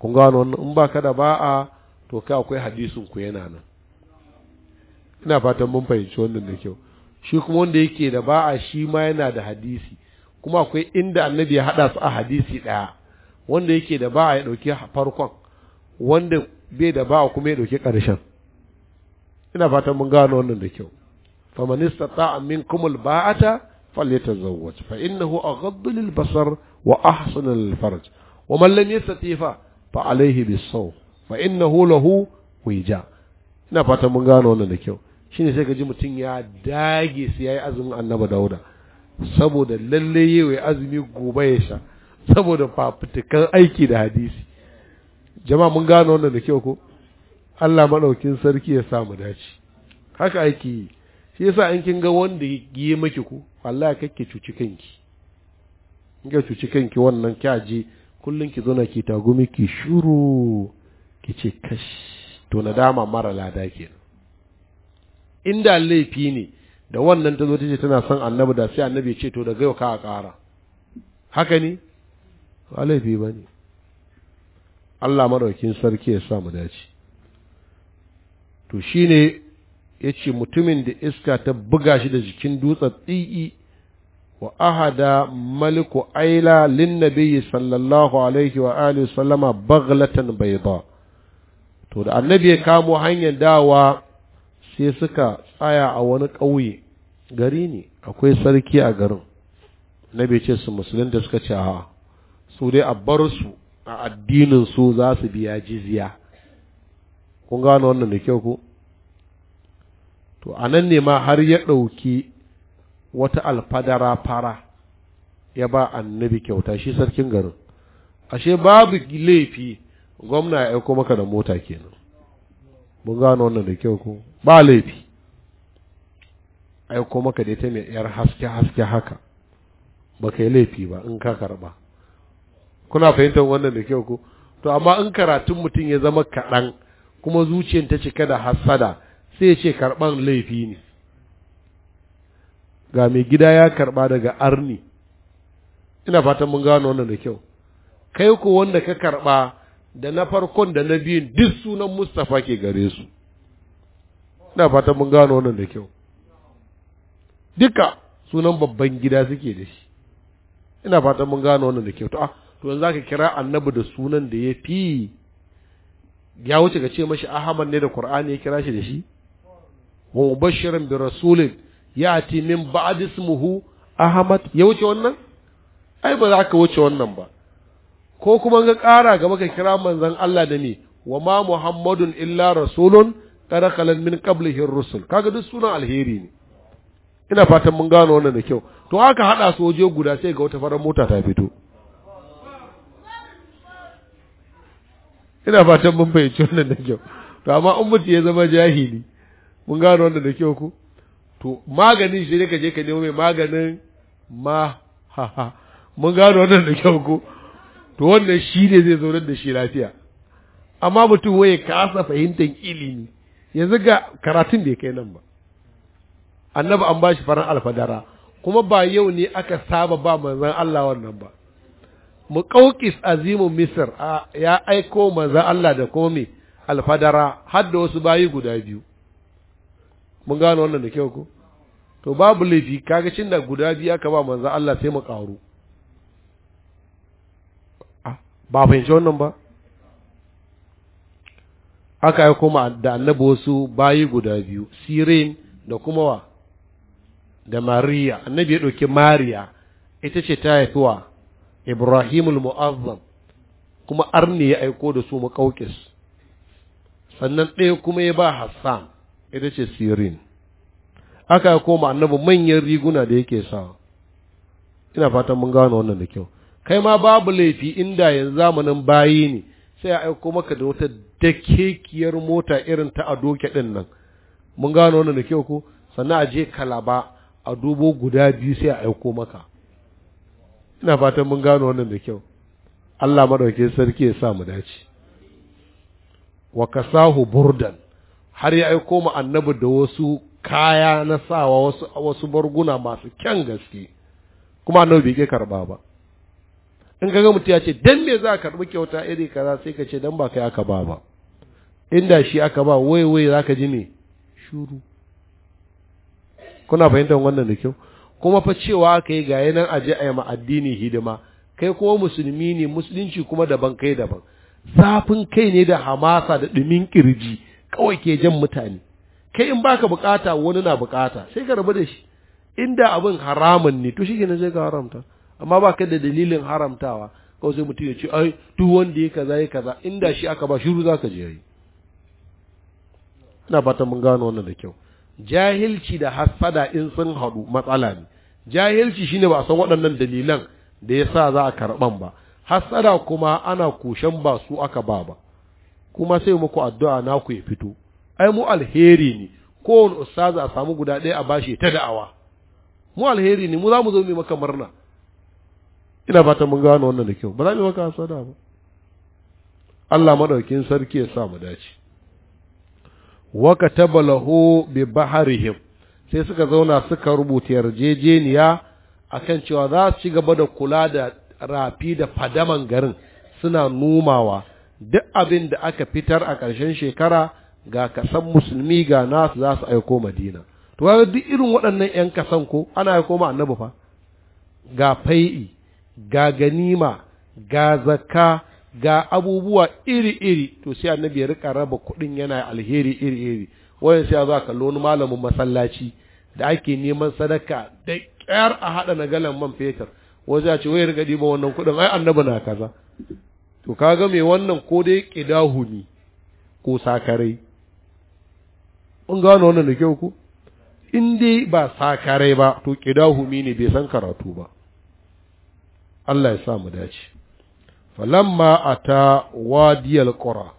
kun gano wannan in ba ka da ba'a to kai akwai hadisin ku yana nan ina fatan mun fahimci wannan da kyau shi kuma wanda yake da ba'a shi ma yana da hadisi kuma akwai inda annabi ya hada su a hadisi daya wanda yake da ba'a ya dauki farkon wanda bai da ba'a kuma ya dauki karshen ina fatan mun gano wannan da kyau faman istata'a minkum al-ba'ata فليتزوج فإنه أغض للبصر وأحسن للفرج ومن لم يستطيع فعليه بالصوم فإنه له وجاء ina fata mun gano wannan da kyau shine sai ka ji mutum ya dage sai yayi azumin annaba dauda saboda lalle yayi azumi gobe ya sha saboda fafutukan aiki da hadisi jama mun gano wannan da kyau ko Allah maɗaukin sarki ya samu dace haka aiki shi yasa an kin ga wanda ya yi maki ku wallahi kake cuci kanki in ka cuci kanki wannan kya je kullun ki na ki tagumi ki shuru ki ce kash to nadama mara lada inda laifi ne da wannan ta zo ta ce tana son annabi da sai annabi ya ce to daga yau ka kara haka ne ba laifi ba ne Allah maraukin sarki ya sa mu dace to shine ya ce mutumin da iska ta buga shi da jikin dutsen tsi'i wa ahada maliku aila linnabiyyi sallallahu alaihi wa alihi sallama baglatan bayda to da annabi ya kamo hanyar dawa sai suka tsaya a wani ƙauye gari ne akwai sarki a garin annabi ce su musulun da suka ce ha su dai a bar su a addinin su za su biya jizya kun gano wannan da kyau ko to a nan ne ma har ya ɗauki wata alfadara fara ya ba annabi kyauta shi sarkin garin ashe babu laifi gwamna ya aiko maka da mota kenan mun gano wannan da kyau ko ba laifi aiko maka da ita mai yar haske haske haka ba kai laifi ba in ka karba kuna fahimtar wannan da kyau ko to amma in karatun mutum ya zama kaɗan kuma zuciyar ta cika da hasada sai ce karɓan laifi ne ga mai gida ya karɓa daga arni ina fatan mun gano wannan da kyau kai ko wanda ka karɓa da na farkon da na biyun duk sunan mustapha ke gare su ina fatan mun gano wannan da kyau duka sunan babban gida suke da shi ina fatan mun gano wannan da kyau to ah, to yanzu zaka kira annabi da sunan da ya fi ya wuce ga ce mashi ahmad ne da qur'ani ya kira shi da shi wa برسول bi rasulin بعد اسمه احمد يا وجه ya wuce wannan اي ba za ka wuce wannan ba ko kuma ga ƙara gaba ka kira manzon Allah da ni wa ma muhammadun illa rasulun qad khalan min qablihi rusul kaga duk sunan alheri ne ina fatan mun gano wannan da kyau to haka hada su waje guda sai ga wata farar mota ta fito ina fatan mun fahimci wannan da kyau to amma in ya zama jahili mun gano wanda da kyau ku to maganin shi ne ka ka nemo mai maganin ma ha ha mun gano wannan da kyau ku to wannan shi ne zai zaunar da shi lafiya amma mutum waye kasa fahimtar ilimi yanzu ga karatun bai kai nan ba annabi an bashi faran alfadara kuma ba yau ne aka saba ba manzan Allah wannan ba mu muqawqis azimu misir ya aiko manzan Allah da kome alfadara har wasu bayi guda biyu mun gano wannan da kyau ko to babu laifi kaga cin da guda biyu aka ba manzo Allah sai mu karu ah, ba fahimci wannan ba aka yi kuma da annabi wasu bayi guda biyu sirin da kuma wa da mariya annabi ya ɗauki mariya ita ce ta haifuwa ibrahimul mu'azzam kuma arni ya aiko da su muƙauƙis sannan ɗaya kuma ya ba hassan ita ce sirin aka koma annabi manyan riguna da yake sawa ina fatan mun gano wannan da kyau kai ma babu laifi inda yanzu zamanin bayi ne sai a aiko maka da wata dakekiyar mota irin ta a doke din nan mun gano wannan da kyau ko sannan a je kalaba a dubo guda biyu sai a aiko maka ina fatan mun gano wannan da kyau Allah madauke sarki ya sa mu dace wa kasahu burdan har ya aiko ma annabi da wasu kaya na sawa wasu wasu barguna masu kyan gaske kuma annabi bai karba ba in ka ga mutum ya ce dan me za ka karbi kyauta iri kaza sai ka ce dan ba kai aka ba ba inda shi aka ba wai wai za ka ji me shuru kuna fahimtar wannan da kyau kuma fa cewa ka yi gaya nan aje a yi addini hidima kai kuma musulmi ne musulunci kuma daban kai daban zafin kai ne da hamasa da ɗumin kirji kawai ke jan mutane kai in baka bukata wani na bukata sai ka rabu da shi inda abin haramun ne to shikenan sai ka haramta amma ba ka da dalilin haramtawa kawai sai mutum ya ce ai duk wanda ya kaza ya kaza inda shi aka ba shiru zaka je yi ina fatan mun gano wannan da kyau jahilci da hasada in sun haɗu matsala ne jahilci shine ba a san waɗannan dalilan da yasa za a karɓan ba hasada kuma ana koshen ba su aka ba ba kuma sai muku addu'a na ku ya fito ai mu alheri ne kowane ustaza a samu guda ɗaya a bashi ta da'awa mu alheri ne mu za mu zo mu maka murna ina fatan mun gano wannan da kyau ba za mu maka hasada ba Allah madaukin sarki ya sa mu dace wa kataba lahu bi baharihim sai suka zauna suka rubuta yarjejeniya akan cewa za su ci gaba da kula da rafi da fadaman garin suna numawa duk abin da aka fitar a ƙarshen shekara ga kasan musulmi ga nasu za su aiko madina to ga duk irin waɗannan 'yan kasan ko ana aiko ma annabi fa ga fai'i ga ganima ga zakka ga abubuwa iri-iri to sai annabi ya rika raba kuɗin yana alheri iri-iri wayan sai za ka wani malamin masallaci da ake neman sadaka da ƙyar a haɗa na galan man fetur wajen ce wai riga ɗiba wannan kuɗin ai annabi na kaza to kaga mai wannan ko dai ƙidahu ne ko sakarai kun gano wannan da kyau ko in dai ba sakarai ba to ƙidahumi ne bai san karatu ba Allah ya sa mu dace falamma ata wadiyal qura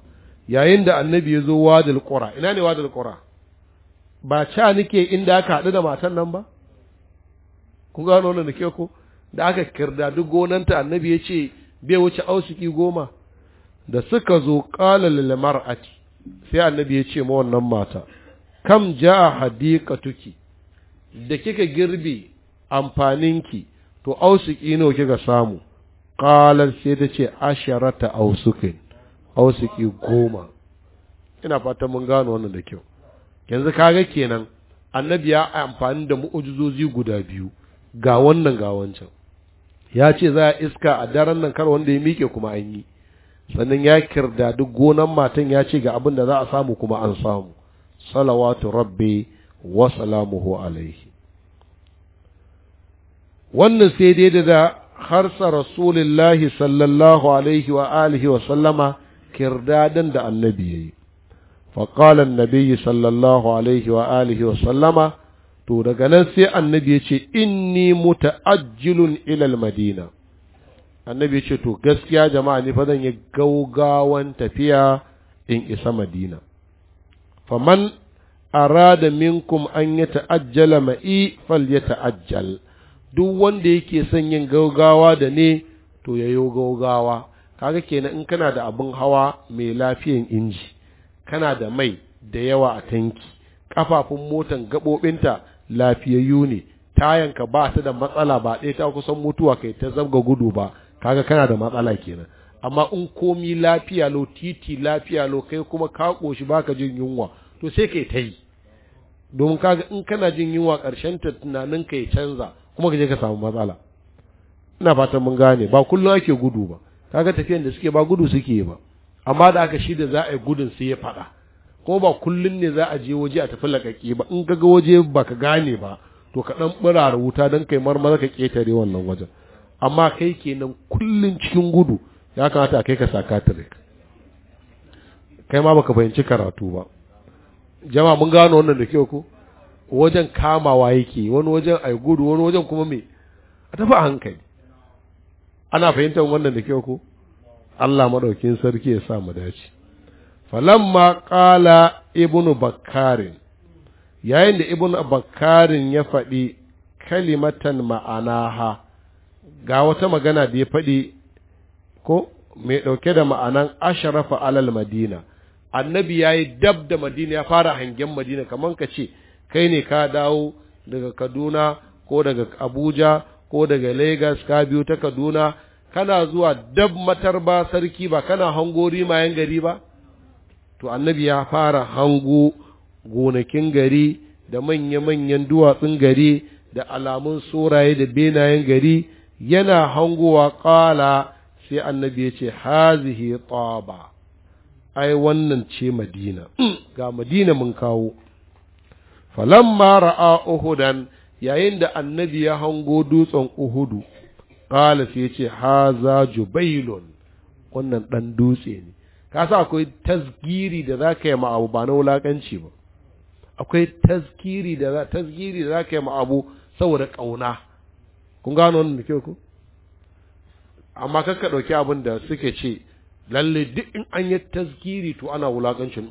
yayin da annabi ya zo wadil qura ina ne wadil qura ba ca nake inda aka haɗu da matan nan ba kun gano wannan da ke ko da aka kirda duk gonanta annabi ya ce bai wuce ausiki goma da suka zo qala lamar ati sai annabi ya ce ma wannan mata kam ja jaa tuki da kika girbe amfaninki to ausiki nawa kika samu qalat sai ta ce asharata ausukin ausiki goma ina fatan mun gano wannan da kyau yanzu kaga kenan annabi ya amfani da mu'ujizozi guda biyu ga wannan ga wancan ya ce za a iska a daren nan kar wanda ya miƙe kuma an yi sannan ya kirda duk gonan matan ya ce ga abin da za a samu kuma an samu salawatu rabbi wa salamuhu alaihi wannan sai dai da harsa rasulullahi sallallahu alaihi wa alihi wa sallama kirdadan da annabi yayi فقال sallallahu alaihi wa alihi wa sallama to daga nan sai annabi ya ce inni muta'ajjilun ilal madina annabi ya ce to gaskiya jama'a ni fa zan yi gaugawan tafiya in isa madina faman arada minkum an yi ta'ajjala ma'i fal ya ta'ajjal duk wanda yake son yin gaugawa da ne to ya yi gaugawa kaga kenan in kana da abin hawa mai lafiyan inji kana da mai da yawa a tanki kafafun motan gaɓoɓinta lafiyayyu ne tayanka ba ta da matsala ba ɗaya ta kusan mutuwa kai ta zabga gudu ba kaga kana da matsala kenan amma in komi lafiya lo titi lafiya lo kai kuma ka koshi baka jin yunwa to sai kai ta yi domin kaga in kana jin yunwa ƙarshen ta tunanin ka ya canza kuma ka je ka samu matsala ina fatan mun gane ba kullum ake gudu ba kaga tafiyan da suke ba gudu suke yi ba amma da aka shi da za a yi gudun sai ya faɗa ko ba kullum ne za a je waje a tafi laƙaƙe ba in kaga waje ba ka gane ba to ka ɗan ɓirara wuta don kai marmara ka ƙetare wannan wajen amma kai kenan kullum cikin gudu ya kamata a kai ka sakatirik kai ma baka fahimci karatu ba jama mun gano wannan da kyau ko wajen kamawa yake wani wajen ai gudu wani wajen kuma me a tafi a hankali ana fahimtar wannan da kyau ko Allah madaukin sarki ya sa mu dace falamma qala ibnu bakkarin yayin da ibnu bakkarin ya faɗi kalimatan ma'anaha ga wata magana da ya faɗi ko mai ɗauke da ma'anan asharafa alal madina annabi ya yi dab da madina ya fara hangen madina kamar ka ce kai ne ka dawo daga kaduna ko daga abuja ko daga lagos ka biyo ta kaduna kana zuwa dab ba sarki ba kana hango rimayen gari ba to annabi ya fara hango gonakin gari da manya-manyan duwatsun gari da alamun soraye da benayen gari yana hangowa ƙala sai annabi ya ce hazihi taba ai wannan ce madina ga madina mun kawo falamma ra'a uhudan yayin da annabi ya hango dutsen uhudu ƙala sai ya ce haza jubailun wannan ɗan dutse ne ka sa akwai tasgiri da za ka yi ma abu ba na wulaƙanci ba akwai tasgiri da tasgiri da za ka yi ma abu saboda ƙauna kun gano wannan da kyau ku amma ka ɗauki abin da suke ce lalle duk in an yi tasgiri to ana wulakancin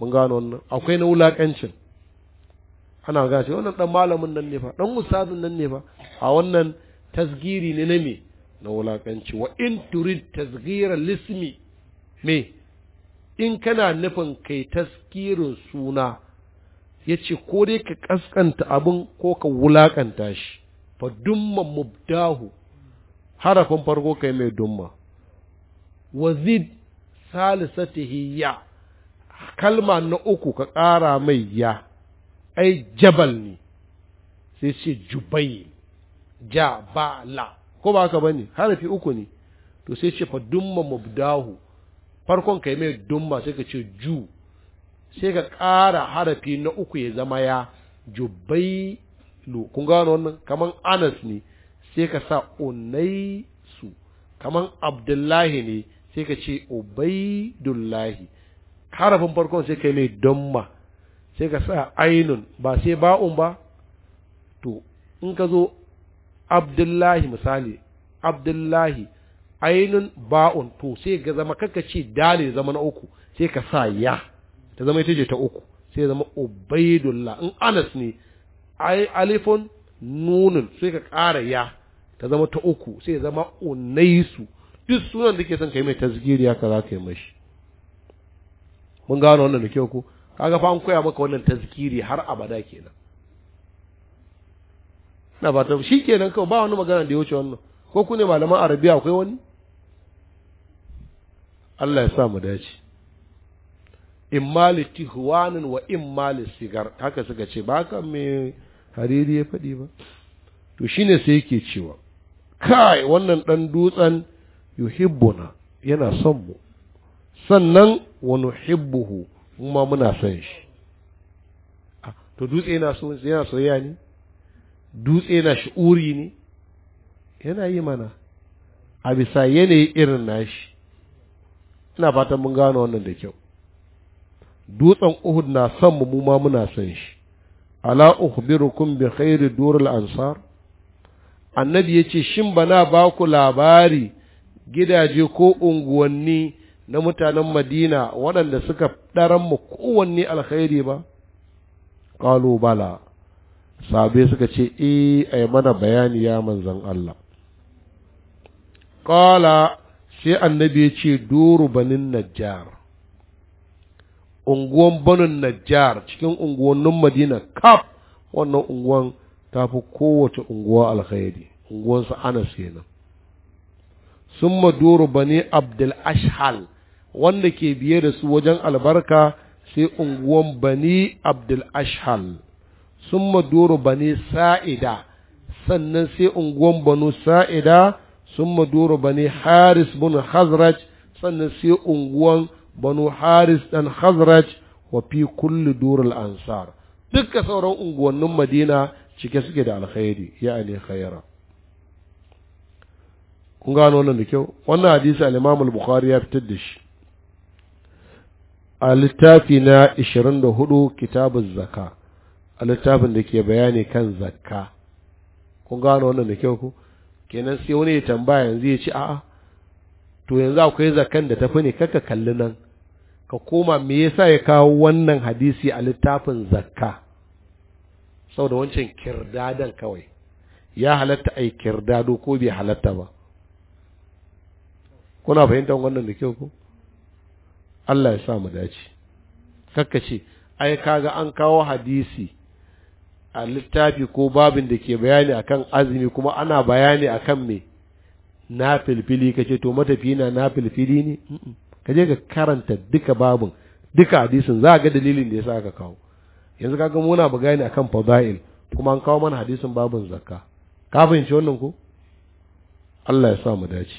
mun gano wannan akwai na wulaƙancin ana gashi wannan dan malamin nan ne fa dan ustazin nan ne fa a wannan tasgiri ne na me na wulakanci wa in turid tasghira lismi me in kana nufin kai taskirin suna ya ce ko dai ka kaskanta abin ko ka wulakanta shi fa dumma mubdahu harafin farko kai mai dumma wazid salisatihi ya kalma na uku ka ƙara mai ya ai jabal ne sai ce jubai ja ba ko ba haka bane harafi uku ne to sai ce fa dumma mubdahu farkon kai mai dumma sai ka ce ju sai ka ƙara harafi na uku ya zama ya lo kun gano wannan kaman anas ne sai ka sa su kaman abdullahi ne sai ka ce ubaidullahi harafin farkon sai kai mai dumma sai ka sa ainun ba sai ba'un ba to in ka zo abdullahi misali abdullahi ainun ba'un to sai ga zama kaka ce dali zama na uku sai ka sa ya ta zama ita ce ta uku sai zama ubaidullah in anas ne ai alifun nunun sai ka ƙara ya ta zama ta uku sai zama unaisu duk sunan da ke son kai mai tasgiri haka za ka yi mashi mun gano wannan da kyau ko kaga fa an koya maka wannan tazkiri har abada kenan na ba ta shi kenan kawai ba wani magana da ya wuce wannan ko ku malaman arabiya akwai wani Allah ya sa mu dace in mali tihwanin wa in mali sigar haka suka ce ba haka mai hariri ya faɗi ba to shine sai yake cewa kai wannan ɗan dutsen yuhibbuna yana son mu sannan wa nuhibbuhu kuma muna son shi ah, to dutse yana so yana soyayya ne dutse na shi uri ne yana yi mana a bisa yanayi irin nashi ina fatan mun gano wannan da kyau dutsen uhud na son mu mu ma muna son shi ala ukhbirukum bi khairi durul ansar annabi yace shin bana ba ku labari gidaje ko unguwanni na mutanen madina waɗanda suka ɗaran mu kowanne alkhairi ba qalu bala sahabai suka ce eh ai mana bayani ya manzan Allah qala sai annabi ya ce duru banin najjar unguwan banin najjar cikin unguwannin madina kaf wannan unguwan ta fi kowace unguwa alkhairi unguwansu anas kenan sun maduru bani abdul ashhal wanda ke biye da su wajen albarka sai unguwan bani abdul ashhal sun maduro bane sa'ida sannan sai unguwan banu sa'ida sun maduro bane haris bin hazraj sannan sai unguwan banu haris dan hazraj wa fi kulli durul ansar duka sauran unguwannin madina cike suke da alkhairi ya ne khaira kun gano wannan da kyau wannan hadisi al-imam al-bukhari ya fitar da shi a littafi na 24 kitabuz zakat a littafin da ke bayani kan zakka kun gano wannan da kyau ku kenan sai wani ya tambaya yanzu ya ce a'a to yanzu akwai zakkan da tafi ne kaka kalli nan ka koma me yasa ya kawo wannan hadisi a littafin zakka saboda wancan kirdadan kawai ya halatta ai kirdado ko bai halatta ba kuna fahimtar wannan da kyau ku Allah ya sa mu dace kakka ce ai kaga an kawo hadisi a littafi ko babin da ke bayani akan azumi kuma ana bayani akan me na filfili kace to matafi na na filfili ne je ka karanta duka babin duka hadisin za ga dalilin da yasa ka kawo yanzu kaga muna bayani akan fadail kuma an kawo mana hadisin babin zakka ka fahimci wannan ko Allah ya sa mu dace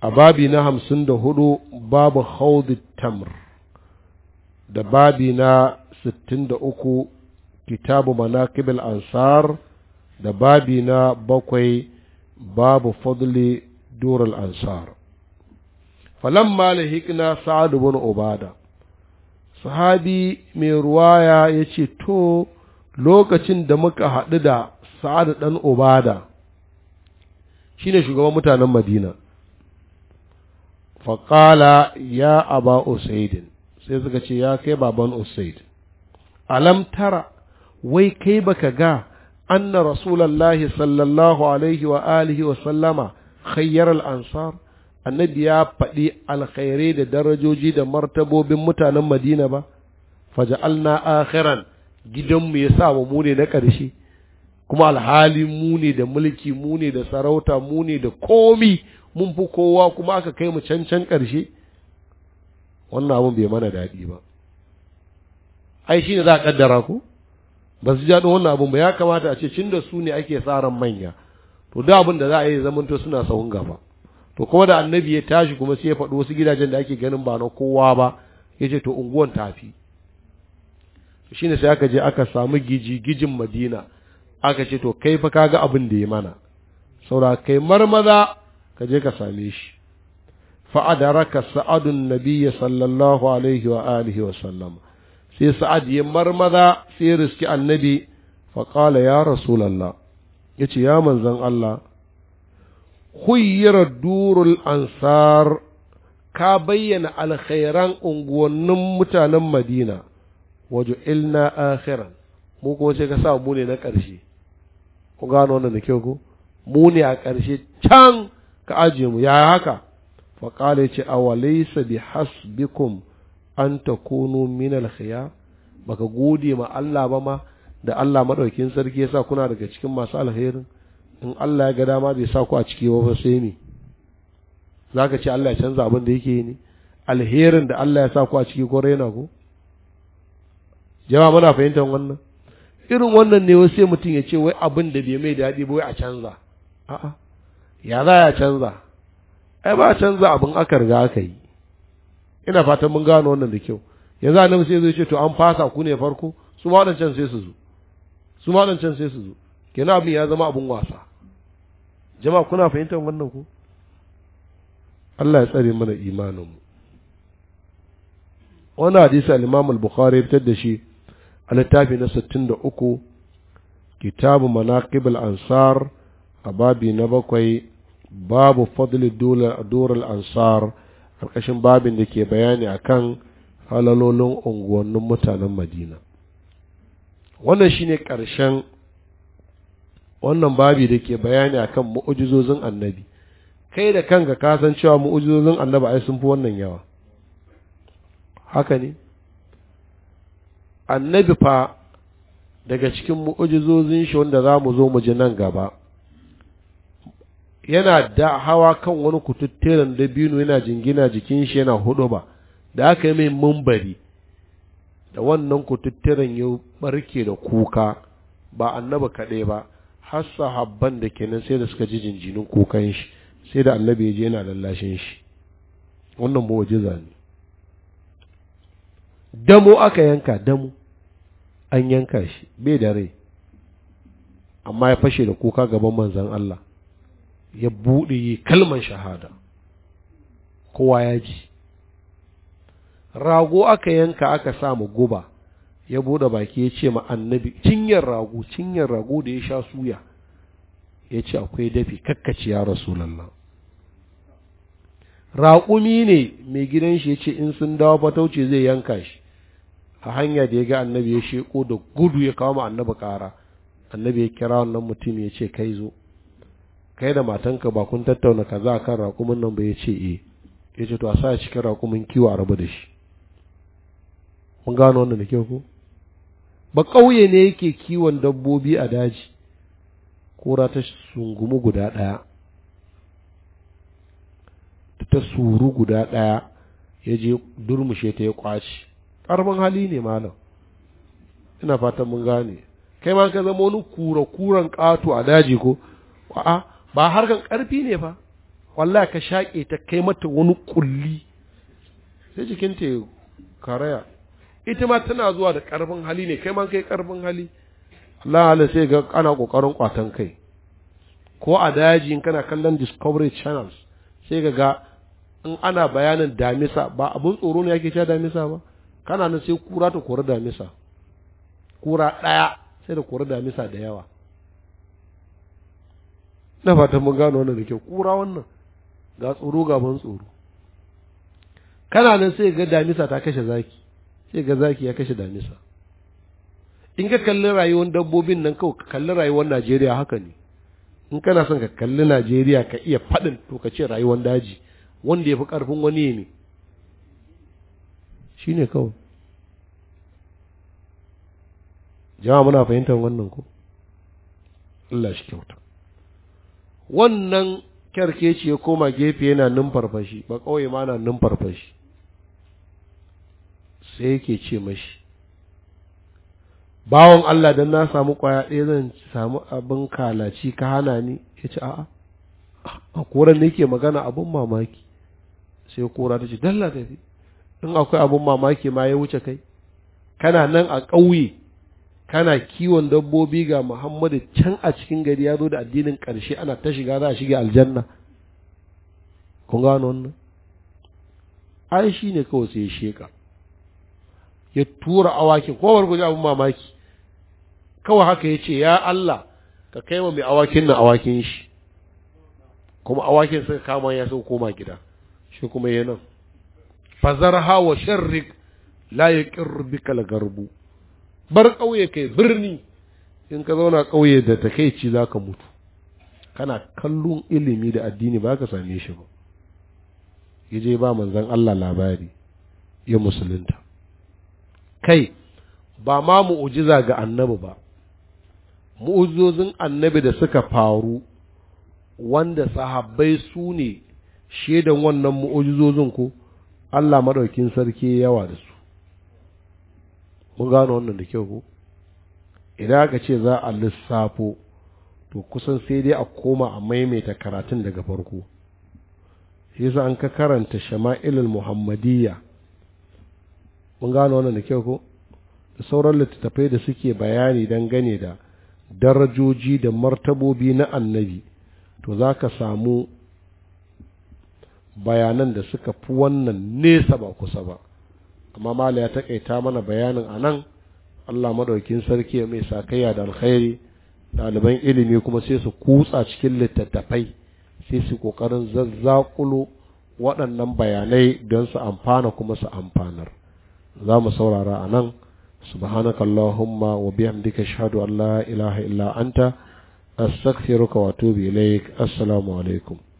a babi na hamsin da hudu babu haudi tamr da babi na sittin da uku kitabu al ansar da babi na bakwai babu fadli al ansar falamma lahikna sa'ad ibn ubada sahabi mai ruwaya yace to lokacin da muka haɗu da sa'ad dan obada shine shugaban mutanen madina faƙala ya aba usaidin sai suka ce ya kai baban usaid alam tara wai kai baka ga anna rasulallahi sallallahu alaihi wa alihi wa sallama khayyar ansar annabi ya faɗi alkhairai da darajoji da martabobin mutanen madina ba faja'alna akhiran gidanmu ya sa mu ne na ƙarshe kuma alhali mu ne da mulki mu ne da sarauta mu ne da komi mun fi kowa kuma aka kai mu can can ƙarshe wannan abun bai mana daɗi ba ai shi ne za a ƙaddara ku ba su jaɗin wannan abin ba ya kamata a ce cin da su ne ake tsaron manya to da abin da za a yi to suna sahun gaba to kuma da annabi ya tashi kuma sai ya faɗi wasu gidajen da ake ganin ba na kowa ba ya ce to unguwan tafi shi ne sai aka je aka samu giji gijin madina aka ce to kai fa kaga abin da ya mana saura kai marmaza ka je ka same shi fa'adaraka sa'adun nabiyya sallallahu alaihi wa alihi wa sallam sai sa'ad ya marmaza sai ya riski annabi faƙala ya rasulallah ya ce ya manzan Allah huyyar durul ansar ka bayyana alkhairan unguwannin mutanen madina waje ilna akhiran mu kuma sai ka sa mu ne na ƙarshe ku gano wannan da kyau ku. mu ne a ƙarshe can ka ajiye mu ya haka faƙala ya ce awalaisa bi hasbikum an ta kono minal khiya baka gode ma Allah ba ma da Allah madaukin sarki yasa kuna daga cikin masu alherin in Allah ya ga dama bai sa ku a ciki ba sai me zaka ce Allah ya canza abin da yake yi ne alherin da Allah ya sa ku a ciki ko raina ko jama'a muna fahimtar wannan irin wannan ne sai mutum ya ce wai abin da bai mai daɗi ba wai a canza a'a ya za ya canza ai ba canza abin aka riga aka yi ina fatan mun gano wannan da kyau yanzu annabi sai zai ce to an fasa ku ne farko su ma wadancan sai su zo su ma wadancan sai su zo kenan abin ya zama abin wasa jama'a kuna fahimtar wannan ko Allah ya tsare mana imaninmu wannan hadisi al-Imam al-Bukhari fitar da shi a littafi na 63 kitabu manaqib al-ansar a babi na bakwai babu fadli dolar al-ansar ƙarƙashin babin da ke bayani a kan halalolin unguwannin mutanen madina wannan shine ƙarshen wannan babi da ke bayani a kan mu'ujizozin annabi kai da kanka ka san cewa mu'ujizozin annabi ai sun fi wannan yawa haka ne annabi fa daga cikin mu'ujizozin shi wanda za mu zo mu ji nan gaba yana da hawa kan wani kututturen dabino yana jingina jikin shi yana hudu ba da aka yi mai mumbari da wannan kututturen ya barke da kuka ba annaba kaɗai ba har sahabban da kenan sai da suka ji jinjinin kukan shi sai da annabi ya je yana lallashin shi wannan waje zane damo aka yanka damo an yanka shi bai da rai amma ya fashe da kuka gaban manzon Allah ya buɗe kalman shahada kowa ya ji rago aka yanka aka sa mu guba ya buɗe baki ya ce ma annabi cinyar rago cinyar rago da ya sha suya ya ce akwai dafi kakkaci ya rasulallah raƙumi ne mai gidan shi ya ce in sun dawo fatauci zai yanka shi a hanya da ya ga annabi ya sheko da gudu ya kawo ma annabi kara annabi ya kira wannan mutum ya ce kai zo kai da matanka ba kun tattauna kaza kan raƙumin nan ba ya ce e ya ce to a sa cikin raƙumin kiwo a rabu da shi mun gano wannan da kyau ko ba ƙauye ne yake kiwon dabbobi a daji kora ta sungumu guda ɗaya ta suru guda ɗaya ya je durmushe ta ya kwaci ƙarfin hali ne malam ina fatan mun gane kai ma ka zama wani kura kuran ƙato a daji ko a'a ba harkan ƙarfi ne ba wallahi ka shaƙe ta kai mata wani ƙulli sai jikinta ya karaya ita ma tana zuwa da ƙarfin hali ne kai ma kai ƙarfin hali Allah Allah sai ga ana ƙoƙarin ƙwatan kai ko a daji in kana kallon discovery channels sai ga in ana bayanin damisa ba abun tsoro ne yake cewa damisa ba kana nan sai kura ta kori damisa kura ɗaya sai da kura damisa da yawa na fatan mun gano wannan da kyau kura wannan ga tsoro ga ban tsoro kana nan sai ga damisa ta kashe zaki sai ga zaki ya kashe damisa in ka kalli rayuwar dabbobin nan kawai ka kalli rayuwar Najeriya haka ne in kana son ka kalli Najeriya ka iya faɗin to ka ce rayuwar daji wanda ya fi ƙarfin wani ne shi ne kawai jama'a muna fahimtar wannan ko Allah shi kyauta wannan kyarkeci ya koma gefe yana numfarfashi ba kawai ma na numfarfashi sai yake ce mashi bawon Allah don na samu kwaya ɗaya zan samu abin kalaci ka hana ni ya ce a'a a koran ne ke magana abin mamaki sai kora ta ce dalla tafi in akwai abin mamaki ma ya wuce kai kana nan a ƙauye kana kiwon dabbobi ga Muhammadu can a cikin gari ya zo da addinin ƙarshe ana ta shiga za a shiga aljanna kun gano wannan ai shi ne kawai sai ya sheka ya tura awakin kowar guji abin mamaki kawai haka ya ce ya Allah ka kai wa mai awakin nan awakin shi kuma awakin suka kama ya sun koma gida shi kuma ya nan fazar hawa sharrik la ya ƙirbi garbu bar ƙauye kai birni in ka zauna ƙauye da takaici za ka mutu kana kallon ilimi da addini ba ka same shi ba ya je ba manzan Allah labari ya musulunta kai ba ma mu'ujiza ga annabi ba mu'ujizozin annabi da suka faru wanda sahabbai su ne shaidan wannan mu'ujizozin ko Allah maɗaukin sarki yawa da su mun gano wannan da kyau ko idan aka ce za a lissafo to kusan sai dai a koma a maimaita karatun daga farko shi yasa an ka karanta shama'ilul muhammadiyya mun gano wannan da kyau ko da sauran littattafai da suke bayani dangane da darajoji da martabobi na annabi to za ka samu bayanan da suka fi wannan nesa ba kusa ba amma mala ya takaita mana bayanin a nan allah maɗaukin sarki ya mai sakayya da alkhairi ɗaliban ilimi kuma sai su kutsa cikin littattafai sai su ƙoƙarin zazzakulo waɗannan bayanai don su amfana kuma su amfanar za mu saurara a nan subhanaka allahumma wa bihamdika ashhadu an la ilaha illa anta astaghfiruka wa atubu ilaik assalamu alaikum